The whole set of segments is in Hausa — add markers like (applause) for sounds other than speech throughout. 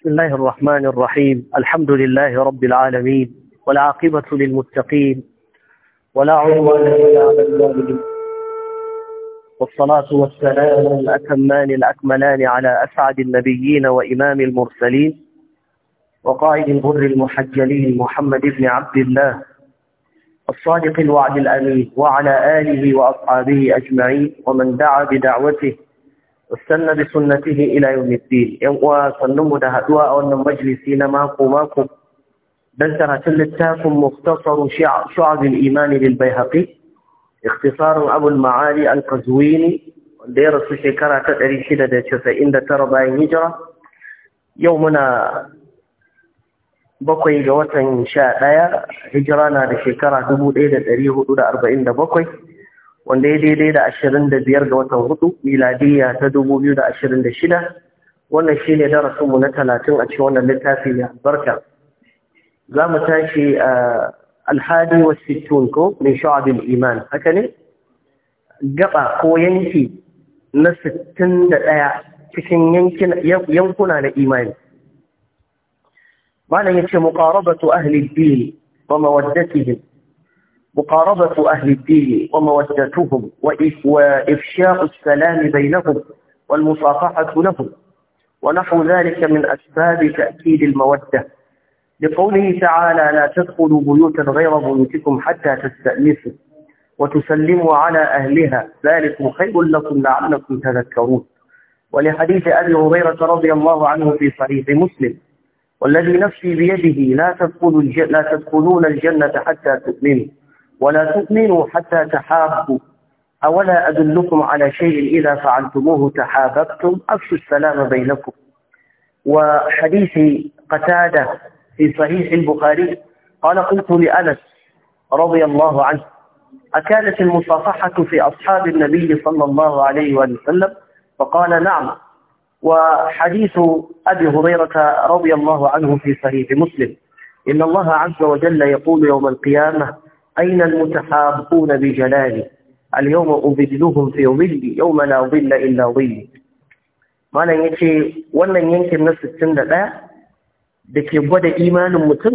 بسم الله الرحمن الرحيم الحمد لله رب العالمين والعاقبة للمتقين ولا عدوان إلا على الظالمين والصلاة والسلام الأتمان الأكملان على أسعد النبيين وإمام المرسلين وقائد البر المحجلين محمد بن عبد الله الصادق الوعد الأمين وعلى آله وأصحابه أجمعين ومن دعا بدعوته wasanna bi sunnatihi ila yawmiddin yan uwa mu da haduwa a wannan majalisi na mako mako dan karatun littafin muftasaru shu'ab al-iman lil bayhaqi ikhtisarun abu al-ma'ali al-qazwini wanda ya rasu shekara ta 699 bayan hijira yau muna bakwai ga watan sha ɗaya hijira na da shekara dubu ɗaya da ɗari da arba'in da bakwai wanda ya daidai da ashirin da biyar ga watan hudu miladiya ta dubu biyu da ashirin da shida wannan shi ne darasinmu na talatin a cikin wannan littafi mai albarka za mu tashi a alhadi wa sittun ko min sha'abin iman haka ne gaba ko yanki na sittin da ɗaya cikin yankuna na imani malam ya ce muqarabatu ahli din wa mawaddatihim مقاربة أهل الدين ومودتهم وإفشاء السلام بينهم والمصافحة لهم ونحو ذلك من أسباب تأكيد المودة لقوله تعالى لا تدخلوا بيوتا غير بيوتكم حتى تستأنسوا وتسلموا على أهلها ذلك خير لكم لعلكم تذكرون ولحديث أبي هريرة رضي الله عنه في صحيح مسلم والذي نفسي بيده لا تدخلوا لا تدخلون الجنة حتى تؤمنوا ولا تؤمنوا حتى تحابوا أولا أدلكم على شيء إذا فعلتموه تحاببتم أفشوا السلام بينكم وحديث قتادة في صحيح البخاري قال قلت لأنس رضي الله عنه أكانت المصافحة في أصحاب النبي صلى الله عليه وسلم فقال نعم وحديث أبي هريرة رضي الله عنه في صحيح مسلم إن الله عز وجل يقول يوم القيامة أين المتحابون بجلاله اليوم أبدلهم في ظلي يوم لا ظل إلا ظلي malam ya ce wannan yankin na 61 da ke gwada imanin mutum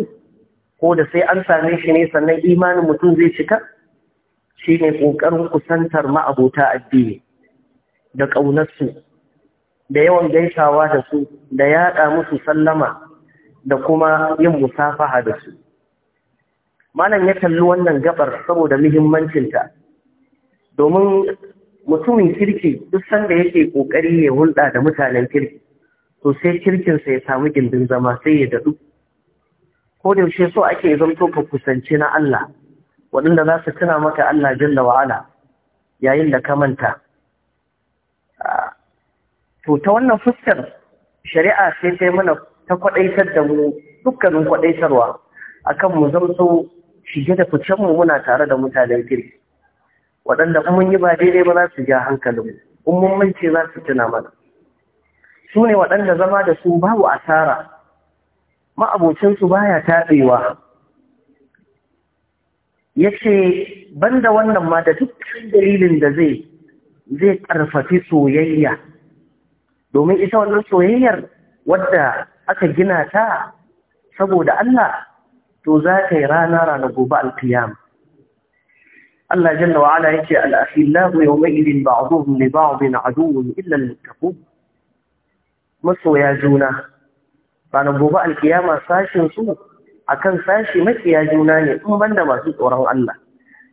ko da sai an same shi ne sannan imanin mutum zai cika shi ne ƙoƙarin kusantar ma'abota addini da ƙaunarsu da yawan gaisawa da su da yaɗa musu sallama da kuma yin musafaha da su malam ya kalli wannan gabar saboda muhimmancinta domin mutumin kirki duk sanda yake kokari ya hulɗa da mutanen kirki to sai sa ya samu gindin zama sai ya dadu ko da yaushe so ake zamto ka kusanci na Allah waɗanda za su tuna maka Allah jalla ala yayin da ka manta to ta wannan fuskar shari'a sai sai mana ta kwaɗaitar da mu dukkanin kwaɗaitarwa akan mu zamto shige da ficen mu muna tare da mutanen kirki waɗanda mun yi ba daidai ba za su ja hankalin in mun mance za su tuna mana su ne waɗanda zama da su babu asara ma'abocinsu baya taɗewa ya ce banda wannan ma da dukkan dalilin da zai zai ƙarfafi soyayya domin ita wannan soyayyar wadda aka gina ta saboda Allah to za ka yi rana rana gobe alkiyama Allah jalla wa ala yake al'afillahu yau mai irin ba'aduhun ne ba'adun ne illan littafu masoya juna ranar gobe alkiyama sashin su akan sashi makiya juna ne in banda masu tsoron Allah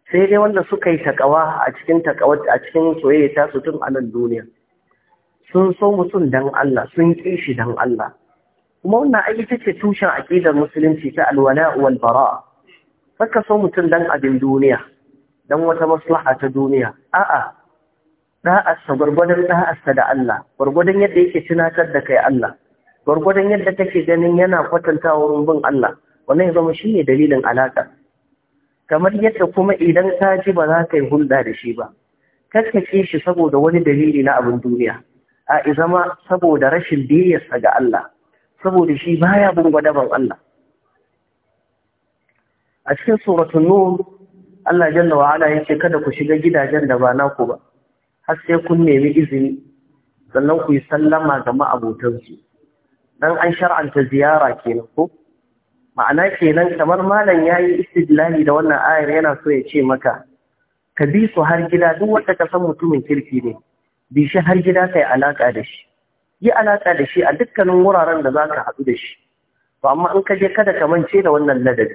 sai dai wanda suka yi takawa a cikin takawa a cikin soyayya ta su tun a nan duniya sun so mutum dan Allah sun ƙi shi dan Allah kuma wannan aiki ita ce tushen aƙidar musulunci ta alwala wal bara saka so mutum dan abin duniya dan wata maslaha ta duniya a'a da'arsa gwargwadon da'arsa da Allah gwargwadon yadda yake tunatar da kai Allah gwargwadon yadda take ganin yana kwatanta wurin bin Allah wannan ya zama shi ne dalilin alaƙa kamar yadda kuma idan ka ji ba za ka yi hulɗa da shi ba kaskace shi saboda wani dalili na abin duniya a zama saboda rashin biyarsa ga Allah saboda shi baya bin gwadabar Allah a cikin suratun nur Allah jalla wa ala ce kada ku shiga gidajen da ba naku ba har sai kun nemi izini sannan ku yi sallama ga ma'abotansu don an shar'anta ziyara kenan ko ma'ana kenan kamar malam yayi istidlali da wannan ayar yana so ya ce maka ka bi su har gida duk wanda ka san mutumin kirki ne bi shi har gida kai alaka da shi yi alaƙa da shi a dukkanin wuraren da za ka haɗu da shi to amma in ka je kada ka mance da wannan ladabi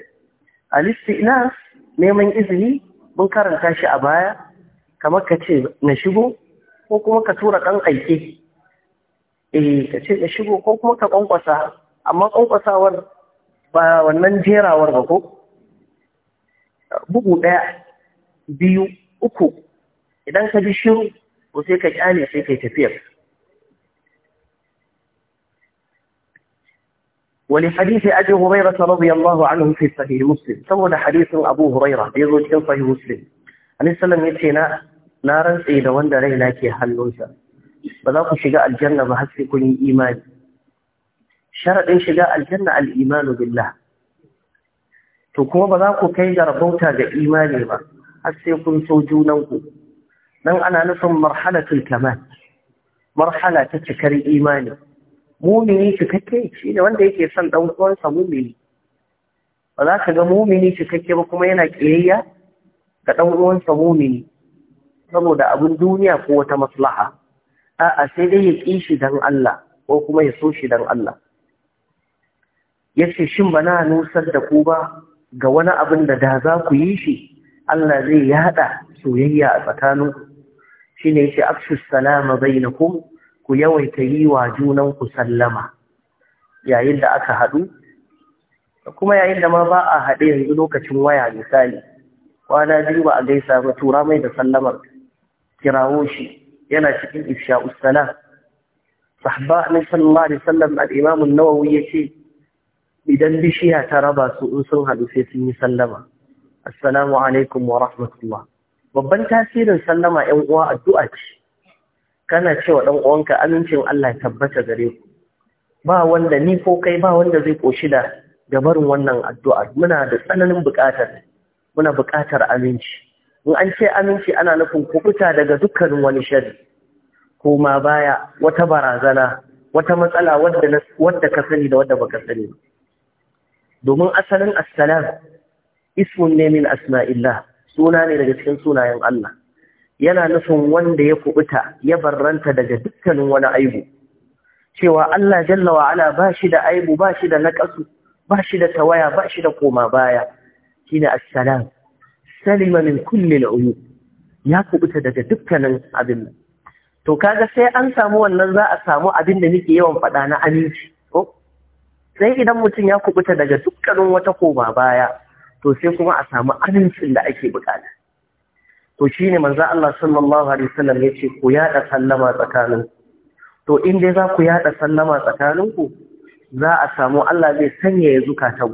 al ina neman izini mun karanta shi a baya kamar ka ce na shigo ko kuma ka tura ɗan aike eh ka ce na shigo ko kuma ka ƙwanƙwasa amma ƙwanƙwasawar ba wannan jerawar ba ko bugu ɗaya biyu uku idan ka ji shiru ko sai ka ƙyale sai ka yi tafiyar ولحديث أبي هريرة رضي الله عنه في صحيح مسلم سوّل حديث أبو هريرة يزوج في صحيح مسلم عليه السلام يتينا نارا سيدا وندا رينا كي حلوشا بذاكو شقاء الجنة بحسي كل إيمان شرط شقاء الجنة الإيمان بالله تكوى بذاكو كي جربوتا بإيمان ما حسي كل سوجونكو لن أنا نصم مرحلة الكمال مرحلة تتكري إيماني mumini cikakke shi ne wanda yake son ɗan uwansa mumini ba za ka ga mumini cikakke ba kuma yana ƙiyayya ga ɗan uwansa mumini saboda abin duniya ko wata maslaha a'a sai dai ya ƙi shi don Allah ko kuma ya so shi don Allah ya ce shin ba na nusar da ku ba ga wani abin da da za ku yi shi Allah zai yaɗa soyayya a tsakaninku Shi shine yace aksu salama bainakum ku yawaita yi wa junan ku sallama yayin da aka haɗu kuma yayin da ma ba a haɗe yanzu lokacin waya misali kwana biyu ba a gaisa ba tura mai da sallamar kirawo shi yana cikin isha salam sahaba na sallallahu alaihi wasallam al-imam an-nawawi yace idan bishiya ta raba su in sun haɗu sai sun yi sallama assalamu alaikum wa rahmatullah babban tasirin sallama 'yan uwa addu'a ce kana cewa dan uwanka amincin Allah tabbata gare ku ba wanda ni ko kai ba wanda zai koshi da gabarin wannan addu'a muna da tsananin buƙatar muna buƙatar aminci in an ce aminci ana nufin ku fita daga dukkanin wani shari ko ma baya wata barazana wata matsala wadda ka sani da wadda baka sani domin asalin assalam ismun ne min asma'illah suna ne daga cikin sunayen Allah yana nufin wanda ya kubuta ya barranta daga dukkanin wani aibu cewa Allah jalla wa ala ba shi da aibu ba shi da nakasu ba shi da tawaya ba shi da koma baya shine assalam salima min kulli uyu ya kubuta daga dukkanin abin to kaga sai an samu wannan za a samu abin da nake yawan fada na aminci Ko sai idan mutum ya kubuta daga dukkanin wata koma baya to sai kuma a samu amincin da ake bukata to shi ne manzo Allah sallallahu alaihi wasallam ce ku yada sallama tsakanin to in dai za ku yada sallama tsakanin ku za a samu Allah zai sanya ya ta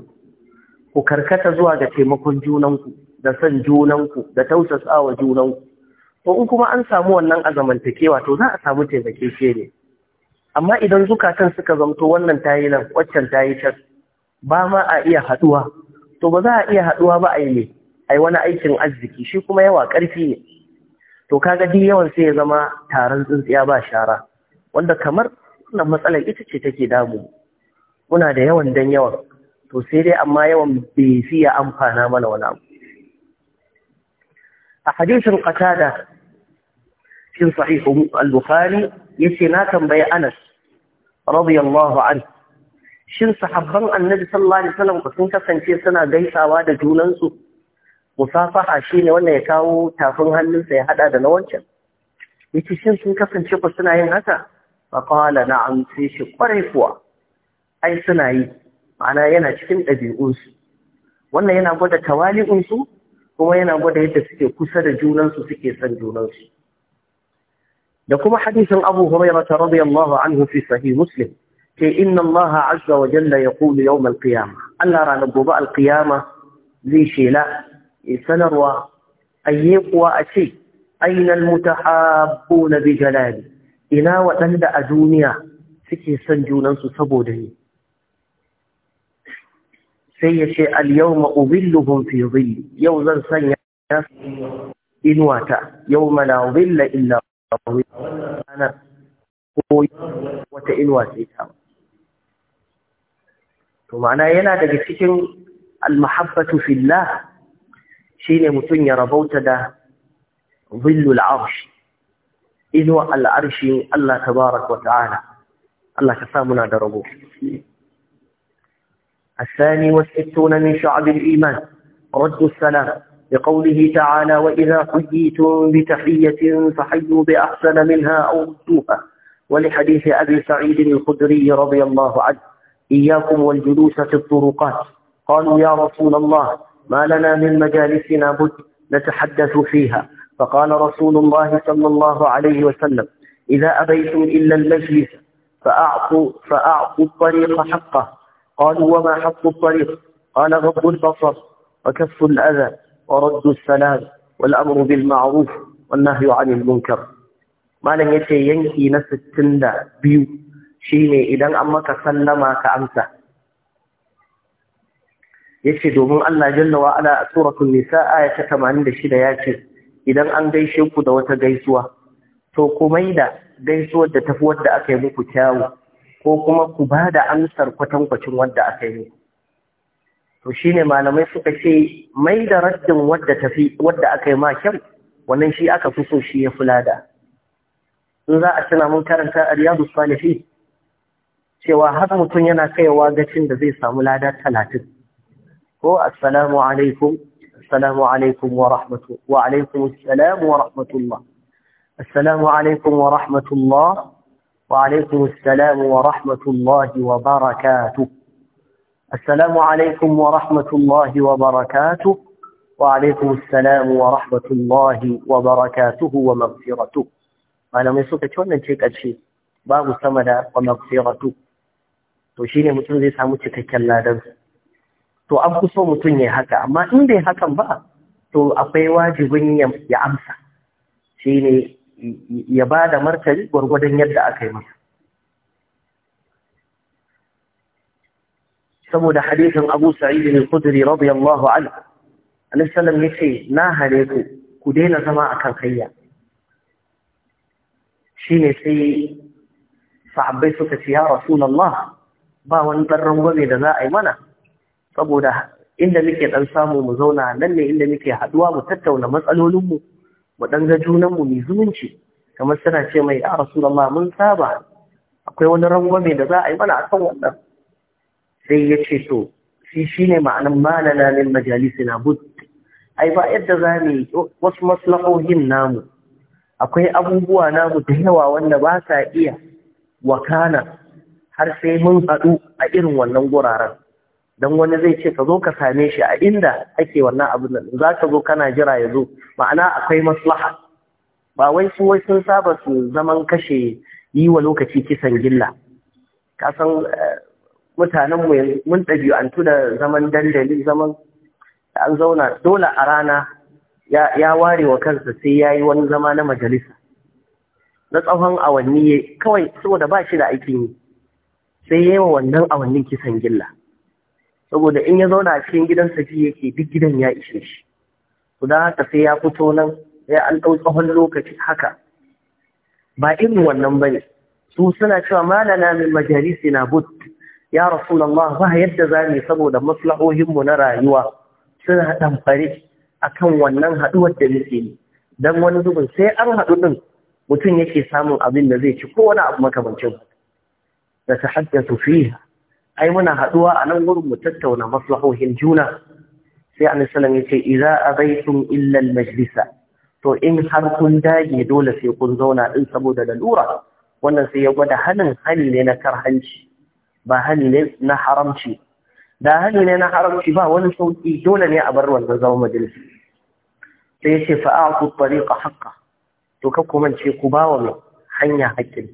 ku karkata zuwa ga taimakon junanku da san junanku da tausasawa junanku Ko in kuma an samu wannan azamantakewa to za a samu ke ne amma idan zukatan suka zamto wannan tayi nan waccan tayi can ba ma a iya haduwa to ba za a iya haduwa ba a yi ne ai wani aikin arziki shi kuma yawa ƙarfi ne to kaga duk yawan sai ya zama taron tsintsiya ba shara wanda kamar wannan matsalar ita ce take damu muna da yawan dan yawan to sai dai amma yawan bai fiye amfana mana wani abu a hadisin qatada cikin sahih al-bukhari yace na tambayi Anas radiyallahu anhu shin sahabban annabi sallallahu alaihi wasallam sun kasance suna gaisawa da junansu musafaha shine wannan ya kawo tafin hannunsa ya hada da na wancan yace shi sun kasance ku suna yin haka fa na na'am sai shi kwarai kuwa ai suna yi ma'ana yana cikin ɗabi'unsu wannan yana gwada tawali'unsu kuma yana gwada yadda suke kusa da junansu suke son junansu da kuma hadisin Abu Hurairah radiyallahu anhu fi sahih Muslim ke inna Allah azza wa jalla yaqulu yawm al-qiyamah Allah ranar gobe al zai shela sanarwa ayye kuwa a ce ainal mutahabbuna na jalali ina waɗanda a duniya suke son junansu saboda ni sai ya ce al-yawma ubilluhum fi yau zan sanya inuwata yawma la dhilla illa ana koyi wata inuwa sai ta to ma'ana yana daga cikin almahabbatu fillah shine mutum ya rabauta da zillul arshi inuwa al'arshi Allah tabarak wa ta'ala Allah ka sa muna da rabo الثاني والستون من شعب الإيمان رد السلام بقوله تعالى وإذا حييتم بتحية فحيوا بأحسن منها أو ردوها ولحديث أبي سعيد الخدري رضي الله عنه إياكم والجلوس في الطرقات قالوا يا رسول الله ما لنا من مجالسنا بد نتحدث فيها فقال رسول الله صلى الله عليه وسلم إذا أبيتم إلا المجلس فأعطوا, فأعطوا الطريق حقه قالوا وما حق الطريق قال غض البصر وكف الأذى ورد السلام والأمر بالمعروف والنهي عن المنكر ما لن ce ينكي na sittin da إذا shine سلمك an yace domin Allah jalla wa ala a suratul nisa aya ta 86 yace idan an gaishe ku da wata gaisuwa to ku da gaisuwar da tafi wadda aka yi muku kyawu ko kuma ku bada da amsar kwatankwacin wadda aka yi to shine malamai suka ce mai raddin wadda tafi wadda aka yi ma kyau wannan shi aka fi so shi ya fulada in za a tuna mun karanta a riyadu salihin cewa har mutum yana kaiwa gacin da zai samu lada talatin هو السلام عليكم السلام عليكم ورحمة وعليكم السلام ورحمة الله السلام عليكم ورحمة الله وعليكم السلام ورحمة الله وبركاته السلام عليكم ورحمة الله وبركاته وعليكم السلام ورحمة الله وبركاته ومغفرته أنا من سوكة شوانا نشيك أشي باب السمدة ومغفرته وشيني متنزي سامو تككلا دمس to an fi so mutum ya haka amma in bai hakan ba to akwai wajibin ya amsa shi ne ya ba da martani gwargwadon yadda aka yi masa saboda hadisin Abu Sa'id al-Khudri radiyallahu ala alisalam ya ce na hare ku ku daina zama a akan kayya ne sai sa'abbai suka ce ya Rasulullah ba wani ɗan rangwame da za a yi mana saboda inda muke dan samu mu zauna nan ne inda muke haɗuwa, mu tattauna matsalolinmu mu ɗan ga junanmu mai zumunci kamar suna ce mai ya rasulullah mun saba akwai wani rangwame da za a yi mana akan wannan sai ya ce to shi shine ma'anan malana min majalisina bud ai ba yadda za mu wasu maslahohin namu akwai abubuwa namu da yawa wanda ba sa iya wakana har sai mun haɗu a irin wannan guraren dan wani zai ce ka zo ka same shi a inda ake wannan abin nan za ka zo kana jira ya zo ma'ana akwai maslaha ba wai su wai sun saba su zaman kashe yi wa lokaci kisan gilla ka san eh, mutanen mu mun ɗabi'antu da zaman dandali zaman an zauna dole a rana ya ware wa kansa sai ya yi wani zama na majalisa na tsawon awanni kawai saboda ba shi da aikin yi sai ya yi wa wannan awannin kisan gilla saboda in ya zauna a cikin gidansa ji yake duk gidan ya ishe shi to haka sai ya fito nan sai an ɗau tsawon lokaci haka ba irin wannan bane su suna cewa malana min majalisi na but ya rasulullah ba yadda za mu saboda maslahohinmu na rayuwa suna fare akan wannan haɗuwar da muke yi dan wani zubin sai an haɗu din mutum yake samun abin da zai ci ko wani abu makamancin da ta haddasa fiha ai muna haduwa a nan gurin mu tattauna maslahohin juna sai annabi sallallahu alaihi wasallam yace idza abaitum illa al-majlisa to in har kun dage dole sai kun zauna din saboda lalura wannan sai ya gwada hanin hali ne na karhanci ba hali ne na haramci da hali ne na haramci ba wani sauki dole ne a bar wannan zama majalisa sai yace fa a'tu tariqa haqqa to ka kuma ce ku bawa mu hanya haƙƙin.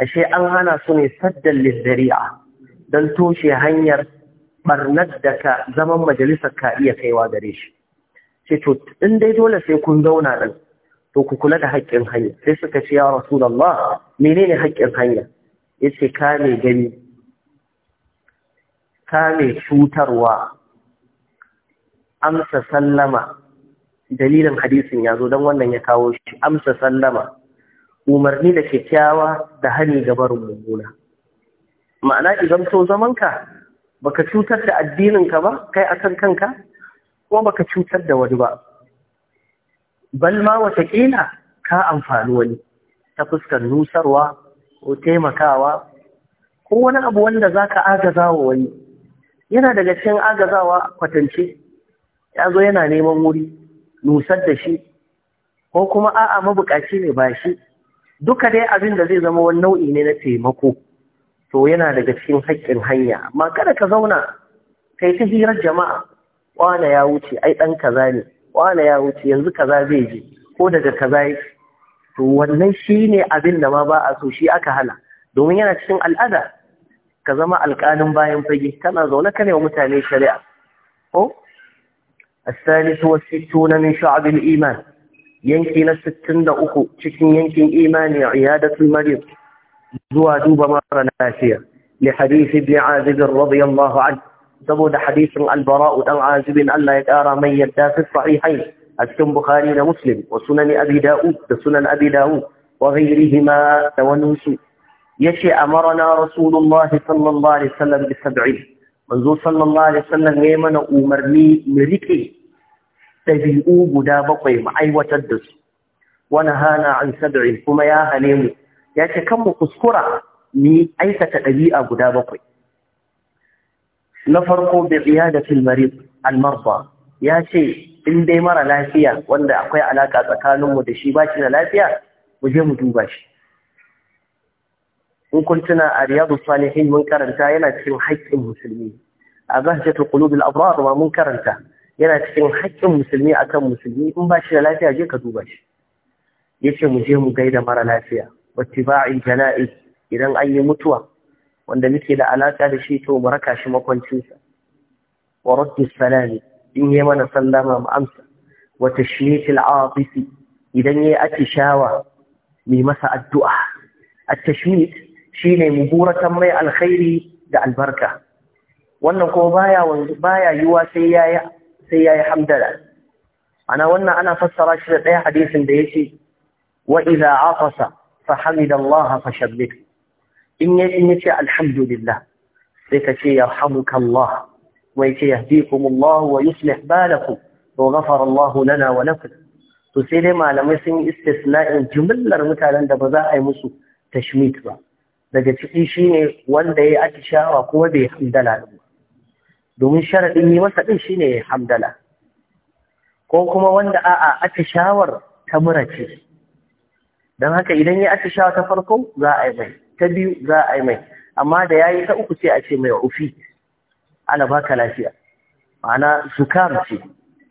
ashe an hana su ne saddan lizzari'a don toshe hanyar barnar da ka zaman majalisar ka iya kaiwa gare shi ce to in dai dole sai kun zauna din to ku kula da haƙƙin hanya sai suka ce ya rasulullah menene haƙƙin hanya yace kame gani kame cutarwa amsa sallama dalilin hadisin ya zo don wannan ya kawo shi amsa sallama umarni da kyakkyawa da hani ga barin mummuna ma'ana idan so zamanka baka cutar da addininka ba kai akan kanka ko baka cutar da wani ba bal ma watakila ka amfani wani ta fuskar nusarwa ko taimakawa ko wani abu wanda zaka agaza wa wani yana daga cikin agazawa kwatance ya zo yana neman wuri nusar da shi ko kuma a'a mabukaci ne ba shi duka dai abin da zai zama wani nau'i ne na taimako to yana daga cikin haƙƙin hanya amma kada ka zauna kai ta hirar jama'a wane ya wuce ai ɗan kaza ne wane ya wuce yanzu kaza zai je ko daga kaza yake to wannan shi ne abin da ma ba a so shi aka hana domin yana cikin al'ada ka zama alƙalin bayan fage kana zaune ka wa mutane shari'a ko الثالث والستون من شعب الإيمان ينكي لستين دا أخو تكين ينكي إيماني عيادة Maryam. zuwa duba mara lafiya li hadisi bi azib radiyallahu anhu saboda hadisin albara'u dan azibin Allah ya kara mai yadda fi sahihain a cikin bukhari da muslim wa sunan abi da'ud da sunan abi da'ud wa ghayrihima da wani su yace amarna rasulullah sallallahu alaihi wasallam bi sab'in manzo sallallahu alaihi wasallam ya mana umarni mu rike dabi'u guda bakwai mu aiwatar da su wa nahana an sab'in kuma ya hane mu ya ce kan mu kuskura ni aikata ɗabi'a guda bakwai na farko bai iyadatil da al marda ya ce in dai mara lafiya wanda akwai alaka tsakaninmu da shi ba shi da lafiya mu je mu duba shi in kun tuna a riyadu salihin mun karanta yana cikin haƙƙin musulmi a bahjatul qulubil abrar ma mun karanta yana cikin haƙƙin musulmi akan musulmi in ba shi da lafiya je ka duba shi yace mu je mu gaida mara lafiya wattiba'il jana'iz idan an yi mutuwa wanda muke da alaka da shi to mu raka shi makwancinsa wa raddi salami in yi mana sallama mu amsa wa tashmitil aatifi idan yayi atishawa mai masa addu'a at-tashmit shine muburatan mai alkhairi da albarka wannan kuma baya baya yiwa sai yayi sai yayi hamdala ana wannan ana fassara shi da ɗaya hadisin da yace wa idza afasa فحمد الله فشبته إن يتي الحمد لله لكي يرحمك الله ويكي يهديكم الله ويصلح بالكم وغفر الله لنا ولكم تسيري ما لم يسن استثناء جملة متعلن دبزاء مسو تشميت با daga ciki shine wanda ya atishawa kuma bai hamdala ba domin sharadin yi masa din shine hamdala ko kuma wanda a'a atishawar ta mura ce don haka idan ya atishawa ta farko za a yi mai ta biyu za a yi mai amma da ya yi ta uku sai a ce mai ufi ana baka lafiya ma'ana zukam ce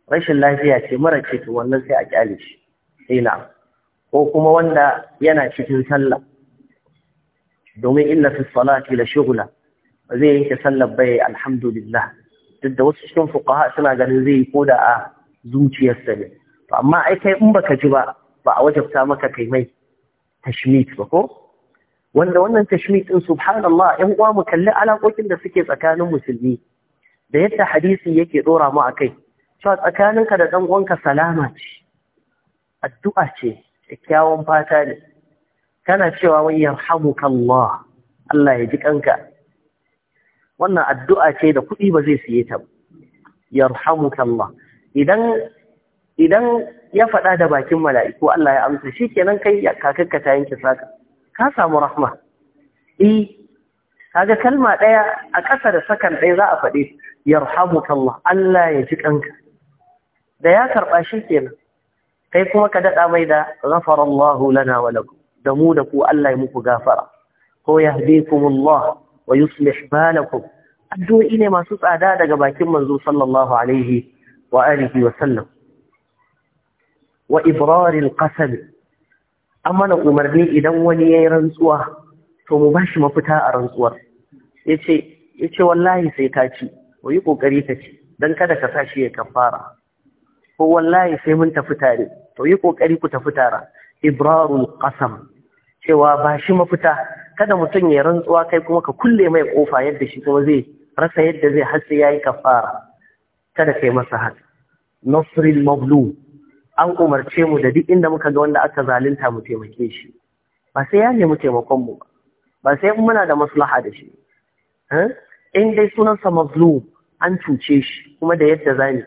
rashin lafiya ce mara ce to wannan sai a kyale shi ina eh, ko kuma wanda yana cikin sallah domin inna fi salati la shughla zai yanke sallar bai eh, alhamdulillah duk da wasu cikin fuqaha suna ganin zai yi koda a zuciyarsa ne amma ai kai in baka ji ba ba a wajabta maka kai mai tashmit ba ko wanda wannan tashmit din subhanallah yan uwa mu kalli alaƙokin da suke tsakanin musulmi da yadda hadisi yake dora mu akai cewa tsakaninka da dan uwanka salama ce addu'a ce kyakkyawan fata ne kana cewa wai yarhamuka Allah Allah ya ji kanka wannan addu'a ce da kuɗi ba zai siye ta ba yarhamuka Allah idan idan ya faɗa da bakin mala'iku Allah ya amsa shi kenan kai ka ta yanke saka ka samu rahma eh kaga kalma ɗaya a ƙasa da sakan ɗaya za a faɗi yarhamu Allah Allah ya ji kanka da ya karɓa shi kenan kai kuma ka daɗa mai da Allah lana wa lakum da mu da ku Allah ya muku gafara ko yahdikumullah wa yuslih balakum addu'o'i ne masu tsada daga bakin manzo sallallahu alaihi wa alihi wa sallam wa ibraril qasam an mana umarni idan wani yayi rantsuwa to mu bashi mafita a rantsuwar yace yace wallahi sai ka ci yi kokari ka ci dan kada ka sashi ya kafara ko wallahi sai mun tafi tare to yi kokari ku tafi tara ibrarul qasam cewa ba shi mafita kada mutum ya rantsuwa kai kuma ka kulle mai ƙofa yadda shi kuma zai rasa yadda zai har sai yayi kafara kada kai masa haka nasrul Mablu. an umarce mu da duk inda muka ga wanda aka zalunta mu taimake shi ba sai ya nemi taimakon mu ba ba sai muna da maslaha da shi eh? in dai sunan sunansa mazlum an cuce shi kuma da yadda zani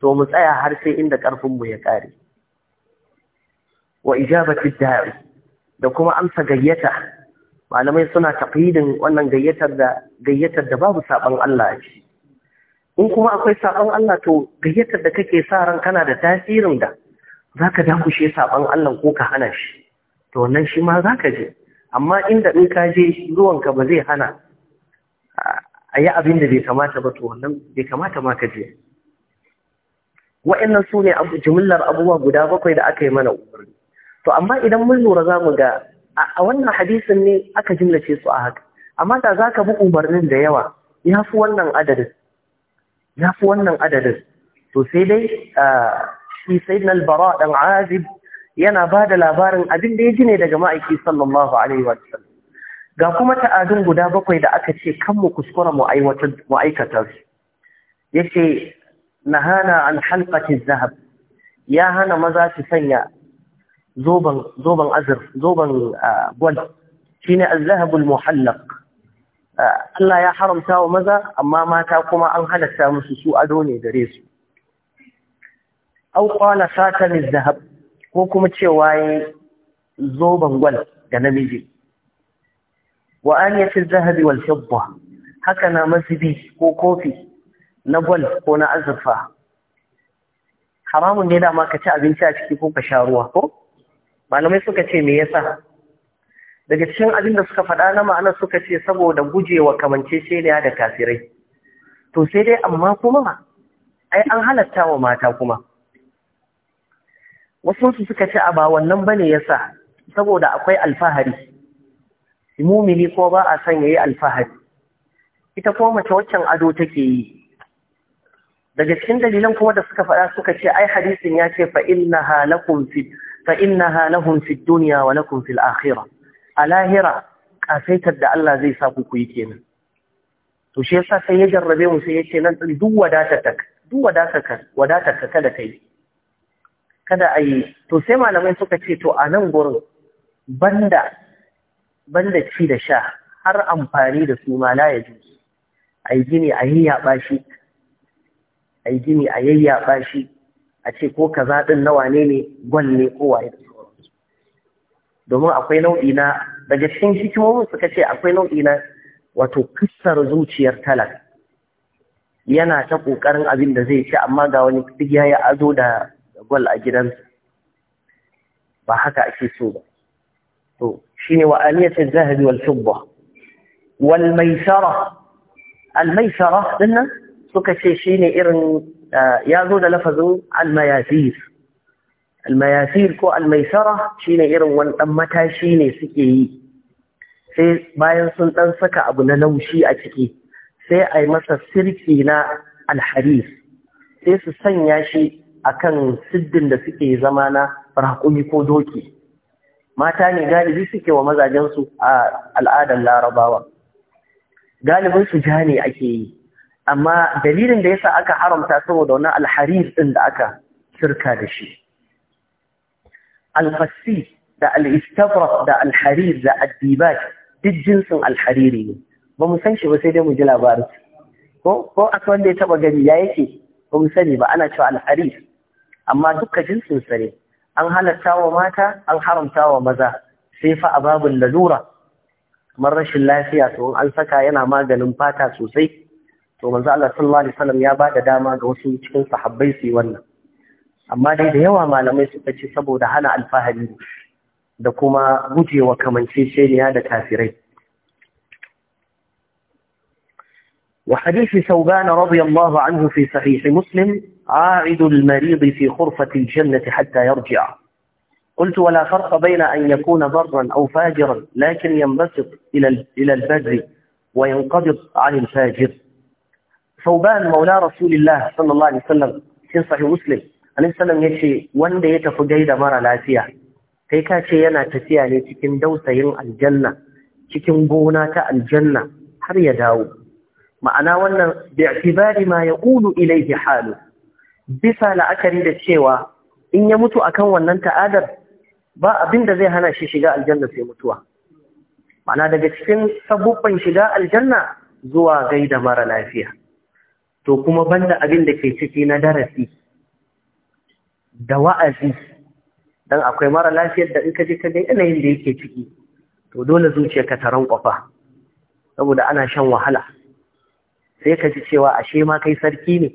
to mu tsaya har sai inda karfin mu ya kare wa ijabati da'i da kuma amsa gayyata malamai suna taqidin wannan gayyatar da gayyatar da babu saban Allah a in kuma akwai saban Allah to gayyatar da kake sa ran kana da tasirin da za ka dakushe saɓan Allah ko ka hana shi to wannan shi ma za ka je amma inda in ka je ruwanka ba zai hana a yi abin da bai kamata ba to wannan bai kamata ma ka je wa'annan su ne jimillar abubuwa guda bakwai da aka yi mana umarni to amma idan mun lura za mu ga a wannan hadisin ne aka jimlace su a haka amma da za ka bi umarnin da yawa ya fi wannan adadin ya fi wannan adadin to sai dai ah, shi sayyidina al-bara ɗan azib yana ba da labarin abin da ya ji ne daga ma'aiki sallallahu alaihi wa sallam ga kuma ta'adun guda bakwai da aka ce kan mu kuskura mu aikata su yace nahana an halqati zahab ya hana maza su sanya zoban azur zoban gwal shine az-zahab al Allah ya haramta wa maza amma mata kuma an halatta musu su ado ne gare su au qala satan zahab ko kuma cewa yi zoban gwal da namiji wa aniyat zahabi wal fidda haka na masibi ko kofi na gwal ko na azurfa haramun ne dama ka ci abinci a ciki ko ka sha ruwa ko malamai suka ce me yasa daga cikin abin da suka faɗa na ma'ana suka ce saboda gujewa kamance ne da kafirai to sai dai amma kuma ai an halatta wa mata kuma wasu su suka ce a ba wannan bane yasa saboda akwai alfahari mumini ko ba a son yayi alfahari ita ko mace waccan ado take yi daga cikin dalilan kuma da suka faɗa suka ce ai hadisin ya ce fa innaha lakum fi fa innaha lahum fi dunya wa lakum akhirah a lahira kasaitar da Allah zai sa ku yi kenan to shi yasa sai ya jarrabe mu sai ya ce nan duk wadatar ka duk wadatar ka wadatar ka kada kai kada a yi to sai malamai suka ce to a nan gurin banda banda ci da sha har amfani da su mala ya ji a yi gini a yayyaɓa shi a yi gini a yayyaɓa shi a ce ko kaza ɗin na wane ne gwal ne ko waye da su domin akwai nau'i na daga cikin hikimomin suka ce akwai nau'i na wato kissar zuciyar talaka yana ta ƙoƙarin abin da zai ci amma ga wani ya ya azo da gwal a gidansu ba haka ake so ba to ne wa aliyatul zahabi wal fidda wal maisara al maisara dinnan suka ce irin eh, ya zo da lafazin al mayasir al mayasir ko al maisara ne irin wani matashi ne suke yi sai bayan sun ɗan saka abu na laushi a ciki sai a yi masa sirki na alharis sai su sanya shi akan siddin da suke zama na raƙumi ko doki mata ne galibi suke wa mazajensu a al'adar larabawa galibin su ja ne ake yi amma dalilin da yasa aka haramta saboda wannan alharir din da aka shirka da shi Alfasi da al'istafras da alharir da addibat duk jinsin alhariri ne ba mu san shi ba sai dai mu ji labarin ko ko a wanda ya taba gani ya yake ba mu sani ba ana cewa alharir amma duka jinsin sa an halatta wa mata an haramta wa maza sai fa a babin lalura kamar rashin lafiya to an saka yana maganin fata sosai to manzo Allah sallallahu alaihi wasallam ya bada dama ga wasu cikin sahabbai su wannan amma dai da yawa malamai suka ce saboda hana alfahari da kuma gujewa kamanceceniya da kafirai وحديث ثوبان رضي الله عنه في صحيح مسلم عائد المريض في خرفة الجنة حتى يرجع قلت ولا فرق بين أن يكون برا أو فاجرا لكن ينبسط إلى إلى وينقبض عن الفاجر ثوبان مولى رسول الله صلى الله عليه وسلم في صحيح مسلم عليه السلام يشي وان دي tafi gaida mara lafiya kai ka ce yana tafiya ne دوسة dausayin الجنة cikin gona ta aljanna har ma'ana wannan bi'tibari ma ya ƙulu ilai halu bisa la'akari da cewa in ya mutu akan wannan ta'adar ba abin da zai hana shi shiga aljanna sai mutuwa ma'ana daga cikin sabubban shiga aljanna zuwa gaida mara lafiya to kuma banda abin da ke ciki na darasi da wa'azi dan akwai mara lafiyar da in ka je ka ga yanayin da yake ciki to dole zuciyarka ta rankwafa saboda ana shan wahala sai ka ji cewa ashe ma kai sarki ne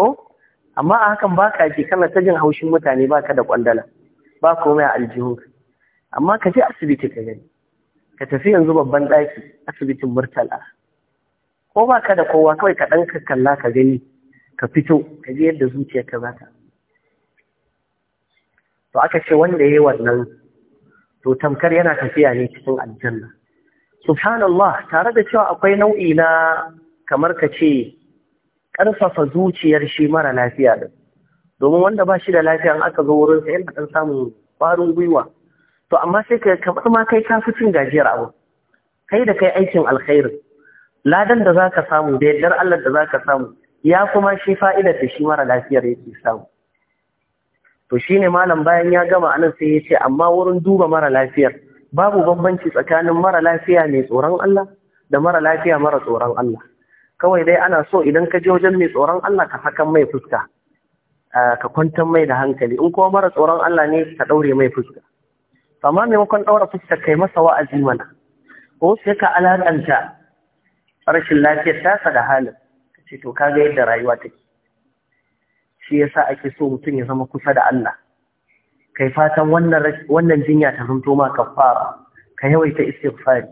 ko amma a hakan ba ka ji kana ta jin haushin mutane ba ka da kwandala ba komai a aljihun amma ka je asibiti ka gani ka tafi yanzu babban ɗaki asibitin murtala ko ba ka da kowa kawai ka ɗan ka kalla ka gani ka fito ka ji yadda zuciyar za zata to aka ce wanda ya wannan to tamkar yana tafiya ne cikin aljanna subhanallah tare da cewa akwai nau'i na kamar ka ce ƙarfafa zuciyar shi mara lafiya da. domin wanda ba shi da lafiya in aka zo wurinsa yana ɗan samun ƙwarin gwiwa to amma sai ka kamar ma kai ka fi cin gajiyar abu kai da kai aikin alkhairi ladan da za ka samu da yardar Allah da za ka samu ya kuma shi fa'idar da shi mara lafiyar yake samu to shine malam bayan ya gama anan sai ya ce amma wurin duba mara lafiyar babu bambanci tsakanin mara lafiya mai tsoron Allah da mara lafiya mara tsoron Allah kawai dai ana so idan ka je wajen mai tsoron Allah ka sakan mai fuska ka kwantar mai da hankali in kuma mara tsoron Allah ne ka ɗaure mai fuska amma maimakon ɗaura fuska kai masa wa'azi mana ko sai ka alaƙanta rashin lafiyar tasa da halin ka ce to kaga yadda rayuwa take shi yasa ake so mutum ya zama kusa da Allah kai fatan wannan jinya ta zanto ma kafara ka yawaita istighfari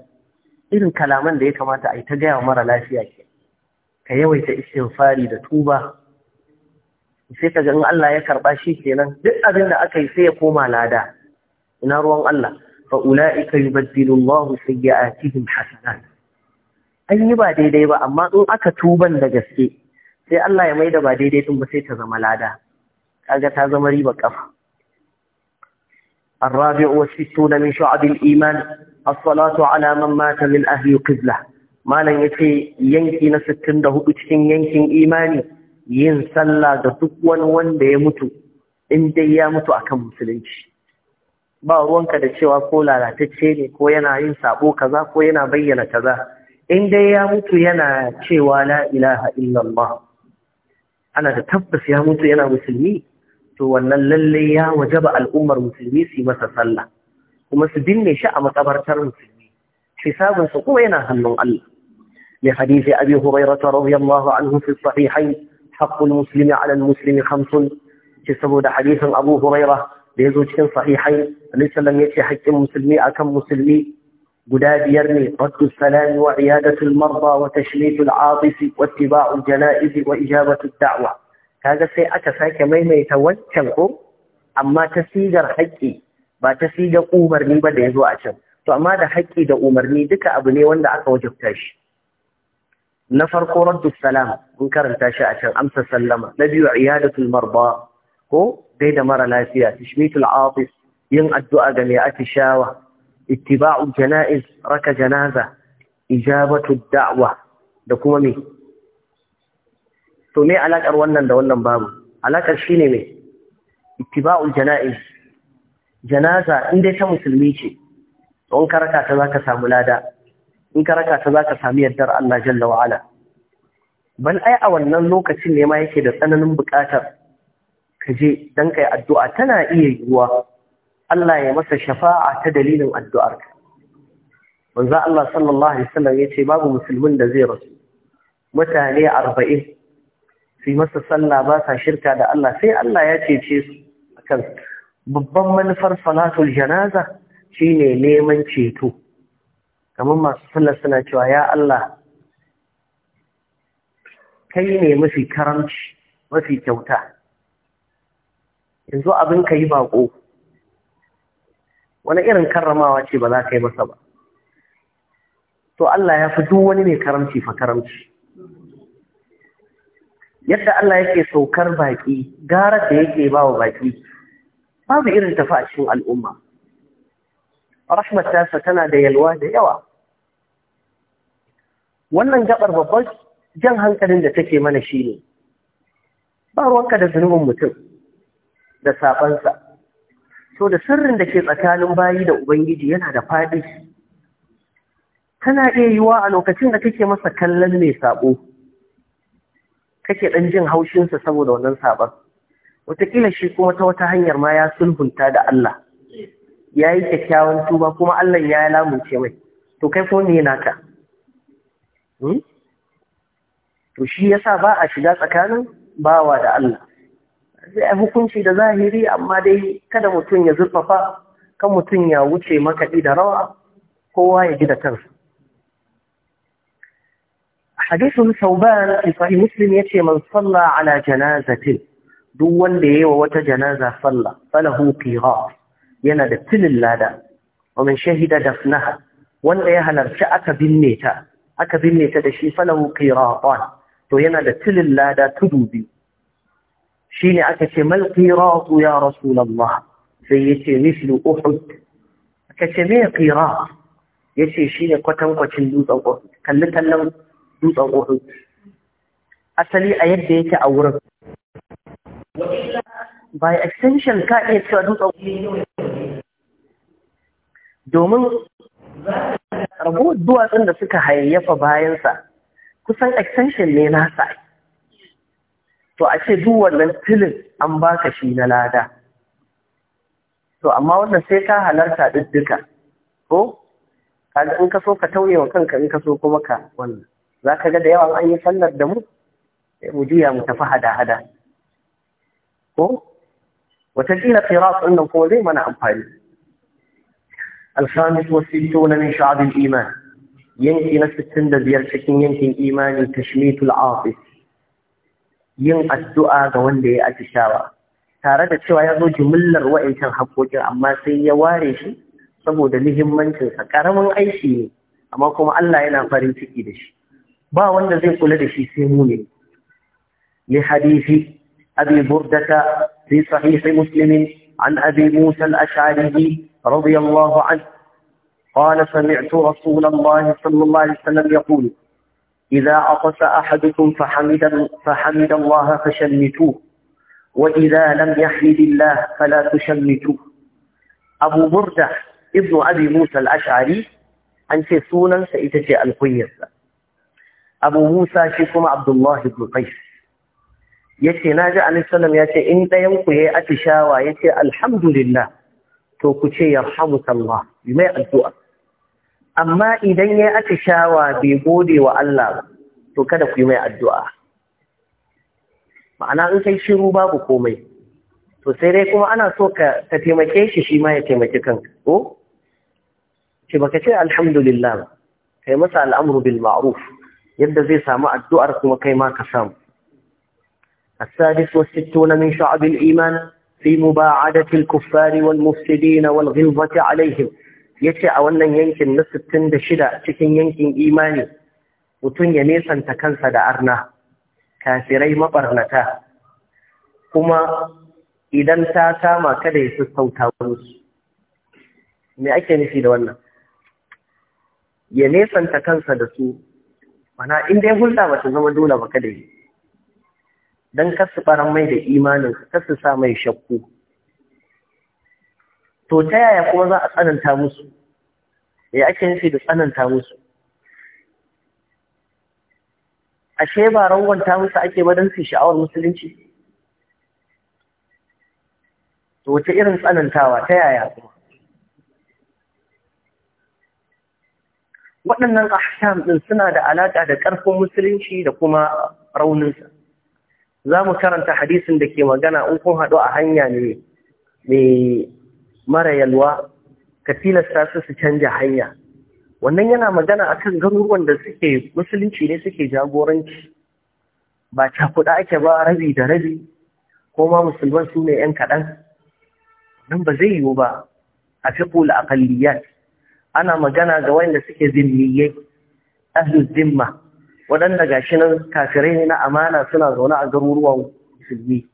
irin kalaman da ya kamata a yi ta gaya mara lafiya ke ka yawaita istighfari da tuba sai ka in Allah ya karba shi kenan duk abin da aka yi sai ya koma lada ina ruwan Allah fa ulaika yubaddilu Allah sayyi'atihim hasanat an yi ba daidai ba amma in aka tuban da gaske sai Allah ya maida ba daidai din ba sai ta zama lada kaga ta zama riba kafa الرابع والستون من شعب الإيمان الصلاة على من مات من أهل قبله malam ce yanki na sittin da 64 cikin yankin imani yin sallah da duk wani wanda ya mutu in dai ya mutu akan musulunci ba ruwanka da cewa ko lalatacce ne ko yana yin sabo kaza ko yana bayyana kaza in dai ya mutu yana cewa la ilaha illallah ana da tabbas ya mutu yana musulmi to wannan lalle ya wajaba al'ummar musulmi su yi masa sallah kuma su binne shi a makabartar musulmi hisabinsa kuma yana hannun Allah لحديث أبي هريرة رضي الله عنه في الصحيحين حق المسلم على المسلم خمس ce saboda hadisin Abu Huraira da ya zo cikin sahihai Annabi sallam ya ce haƙƙin musulmi akan musulmi guda biyar ne raddu salami wa iyadatul marda wa tashmitul atif wa ittiba'ul janaiz wa ijabatu da'wa kaga sai aka sake maimaita wancan ko amma ta sigar haƙƙi ba ta sigar umarni ba da ya a can to amma da haƙƙi da umarni duka abu ne wanda aka wajabta shi na farko raddu salam mun karanta shi a can amsa sallama na biyu iyadatul marba ko dai da mara lafiya tashmitul atis yin addu'a ga mai atishawa ittiba'u janaiz raka janaza ijabatu da'wa da kuma me to me alakar wannan da wannan babu alakar shine me ittiba'u janaiz janaza in dai ta musulmi ce don karaka ta zaka samu lada in ka raka ta zaka sami yardar Allah jalla wa bal ai a wannan lokacin ne ma yake da tsananin buƙatar ka je dan kai addu'a tana iya yiwuwa Allah ya masa shafa'a ta dalilin addu'ar ka manzo Allah sallallahu alaihi wasallam yace babu musulmin da zai rasu mutane 40 suyi masa sallah ba sa shirka da Allah sai Allah ya cece su akan babban manufar salatul janaza shine neman ceto kamar masu sallar suna cewa ya Allah kai ne mafi karamci mafi kyauta yanzu abin ka yi baƙo wani irin karramawa ce ba za ka yi masa ba to Allah ya fi duk wani mai karamci fa karamci yadda Allah yake saukar baƙi gara da yake ba wa baƙi babu irin tafi a cikin al'umma rahmat sa tana da yalwa da yawa wannan gabar babban jan hankalin da take mana shine ba ruwanka da zunubin mutum da sabansa to da sirrin da ke tsakanin bayi da ubangiji yana da faɗi kana iya yiwa a lokacin da kake masa kallon mai sabo kake ɗan jin haushinsa saboda wannan sabon wataƙila shi kuma ta wata hanyar ma ya sulhunta da Allah ya yi kyakkyawan tuba kuma Allah ya lamunce mai to kai ko ne naka hmm? to shi yasa ba a shiga tsakanin bawa da Allah sai a hukunci da zahiri amma dai kada mutum ya zurfafa kan mutum ya wuce makaɗi da rawa kowa ya ji da kansa حديث ثوبان في صحيح ya ce man صلى ala jana'zatin,' duk wanda ya yi wa wata janaza sallah falahu qirar yana da tilin lada wa shahida dafnaha wanda ya halarci aka binne ta aka binne ta da shi falahu qira'an to yana da tilin lada tudu biyu ne aka ce mal qira'atu ya rasulallah sai ya ce mislu uhud aka ce me qira' yace shine kwatankwacin dutsen uhud kalli kallon dutsen uhud asali a yadda yake a wurin by extension ka iya cewa dutsen Uhud. domin ragowar duwatsun da suka hayayyafa bayansa kusan extension ne nasa to a ce duk wannan filin an baka shi na lada to amma wannan sai ka halarta duka ko kaga in ka so ka tauye wa kanka in ka so kuma ka wannan za ka ga da yawan an yi sallar da mu mu juya mu tafi hada-hada ko wata kila firas ɗin nan kuma zai mana amfani Alhamis الخامس والستون من شعب الإيمان ينكي نفس السند بيرشكين ينكي الإيمان تشميت العاطف yin addu'a ga wanda ya atishawa tare da cewa ya zo jimillar waɗancan haƙoƙin amma sai ya ware shi saboda muhimmancinsa ƙaramin aiki ne amma kuma Allah yana farin ciki da shi ba wanda zai kula da shi sai mu ne li hadisi abi burdata fi sahih muslim an abi musa al رضي الله عنه قال سمعت رسول الله صلى الله عليه وسلم يقول إذا عطس أحدكم فحمد, فحمد الله فشمتوه وإذا لم يحمد الله فلا تشمتوه أبو بردة ابن أبي موسى الأشعري أن في سونا سيتجي القيس أبو موسى شكم عبد الله بن قيس يتي عليه السلام يتي إن ينقي أتشاوى يتناجع الحمد لله to ku ce yarhamukallah yi mai addu'a amma idan ya shawa bai gode wa Allah to kada ku yi mai addu'a ma'ana in kai shiru babu komai to sai dai kuma ana so ka taimake shi shi ma ya taimake kanka ko ce baka ce alhamdulillah kai masa al'amru bil ma'ruf yadda zai samu addu'ar kuma kai ma ka samu السادس wasu من شعب iman. في مباعدة الكفار والمفسدين والغلظة عليهم yace a wannan yankin na 66 cikin yankin imani mutum ya nesanta kansa da arna kafirai mabarnata kuma idan ta kama kada ya sassauta musu me ake nufi da wannan ya nesanta kansa da su mana in dai hulda ba ta zama dole ba kada yi don kasu ɓaran mai da kar kasu sa mai shakku to ta yaya kuma za a tsananta musu ya ake nufi da tsananta musu ashe ba rawanta musu ake ba don su sha'awar musulunci to wace irin tsanantawa ta yaya kuma waɗannan ahkam suna da alaƙa da ƙarfin musulunci da kuma rauninsa za mu karanta hadisin da ke magana in kun haɗu a hanya ne mai mara yalwa ka tilasta su su canja hanya wannan yana magana a akan garuruwan da suke musulunci ne suke jagoranci ba cakuɗa ake ba rabi da rabi ko ma musulman su ne 'yan kaɗan nan ba zai yiwu ba a fiƙul aqalliyat ana magana ga wanda suke zimmiyai ahlul zimma waɗanda gashi nan kafirai ne na amana suna zaune a garuruwan musulmi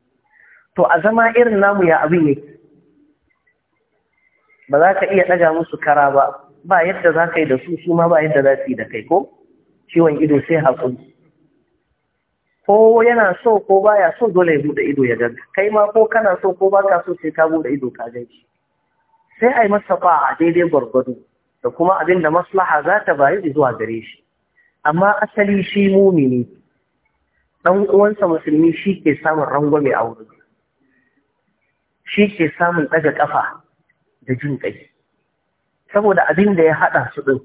to a zama irin namu ya abin yake ba za ka iya ɗaga musu kara ba ba yadda za ka yi da su su ma ba yadda za su yi da kai ko ciwon ido sai haƙuri ko yana so ko baya so dole ya buɗe ido ya ganga kai ma ko kana so ko baka so sai ka buɗe ido ka gan shi sai a yi masa ba a daidai gwargwado da kuma abin da maslaha za ta bayu zuwa gare shi amma asali shi mumini ɗan uwansa musulmi shi ke samun rangwame a wurin shi ke samun ɗaga ƙafa da jin ƙai saboda abin da ya haɗa su ɗin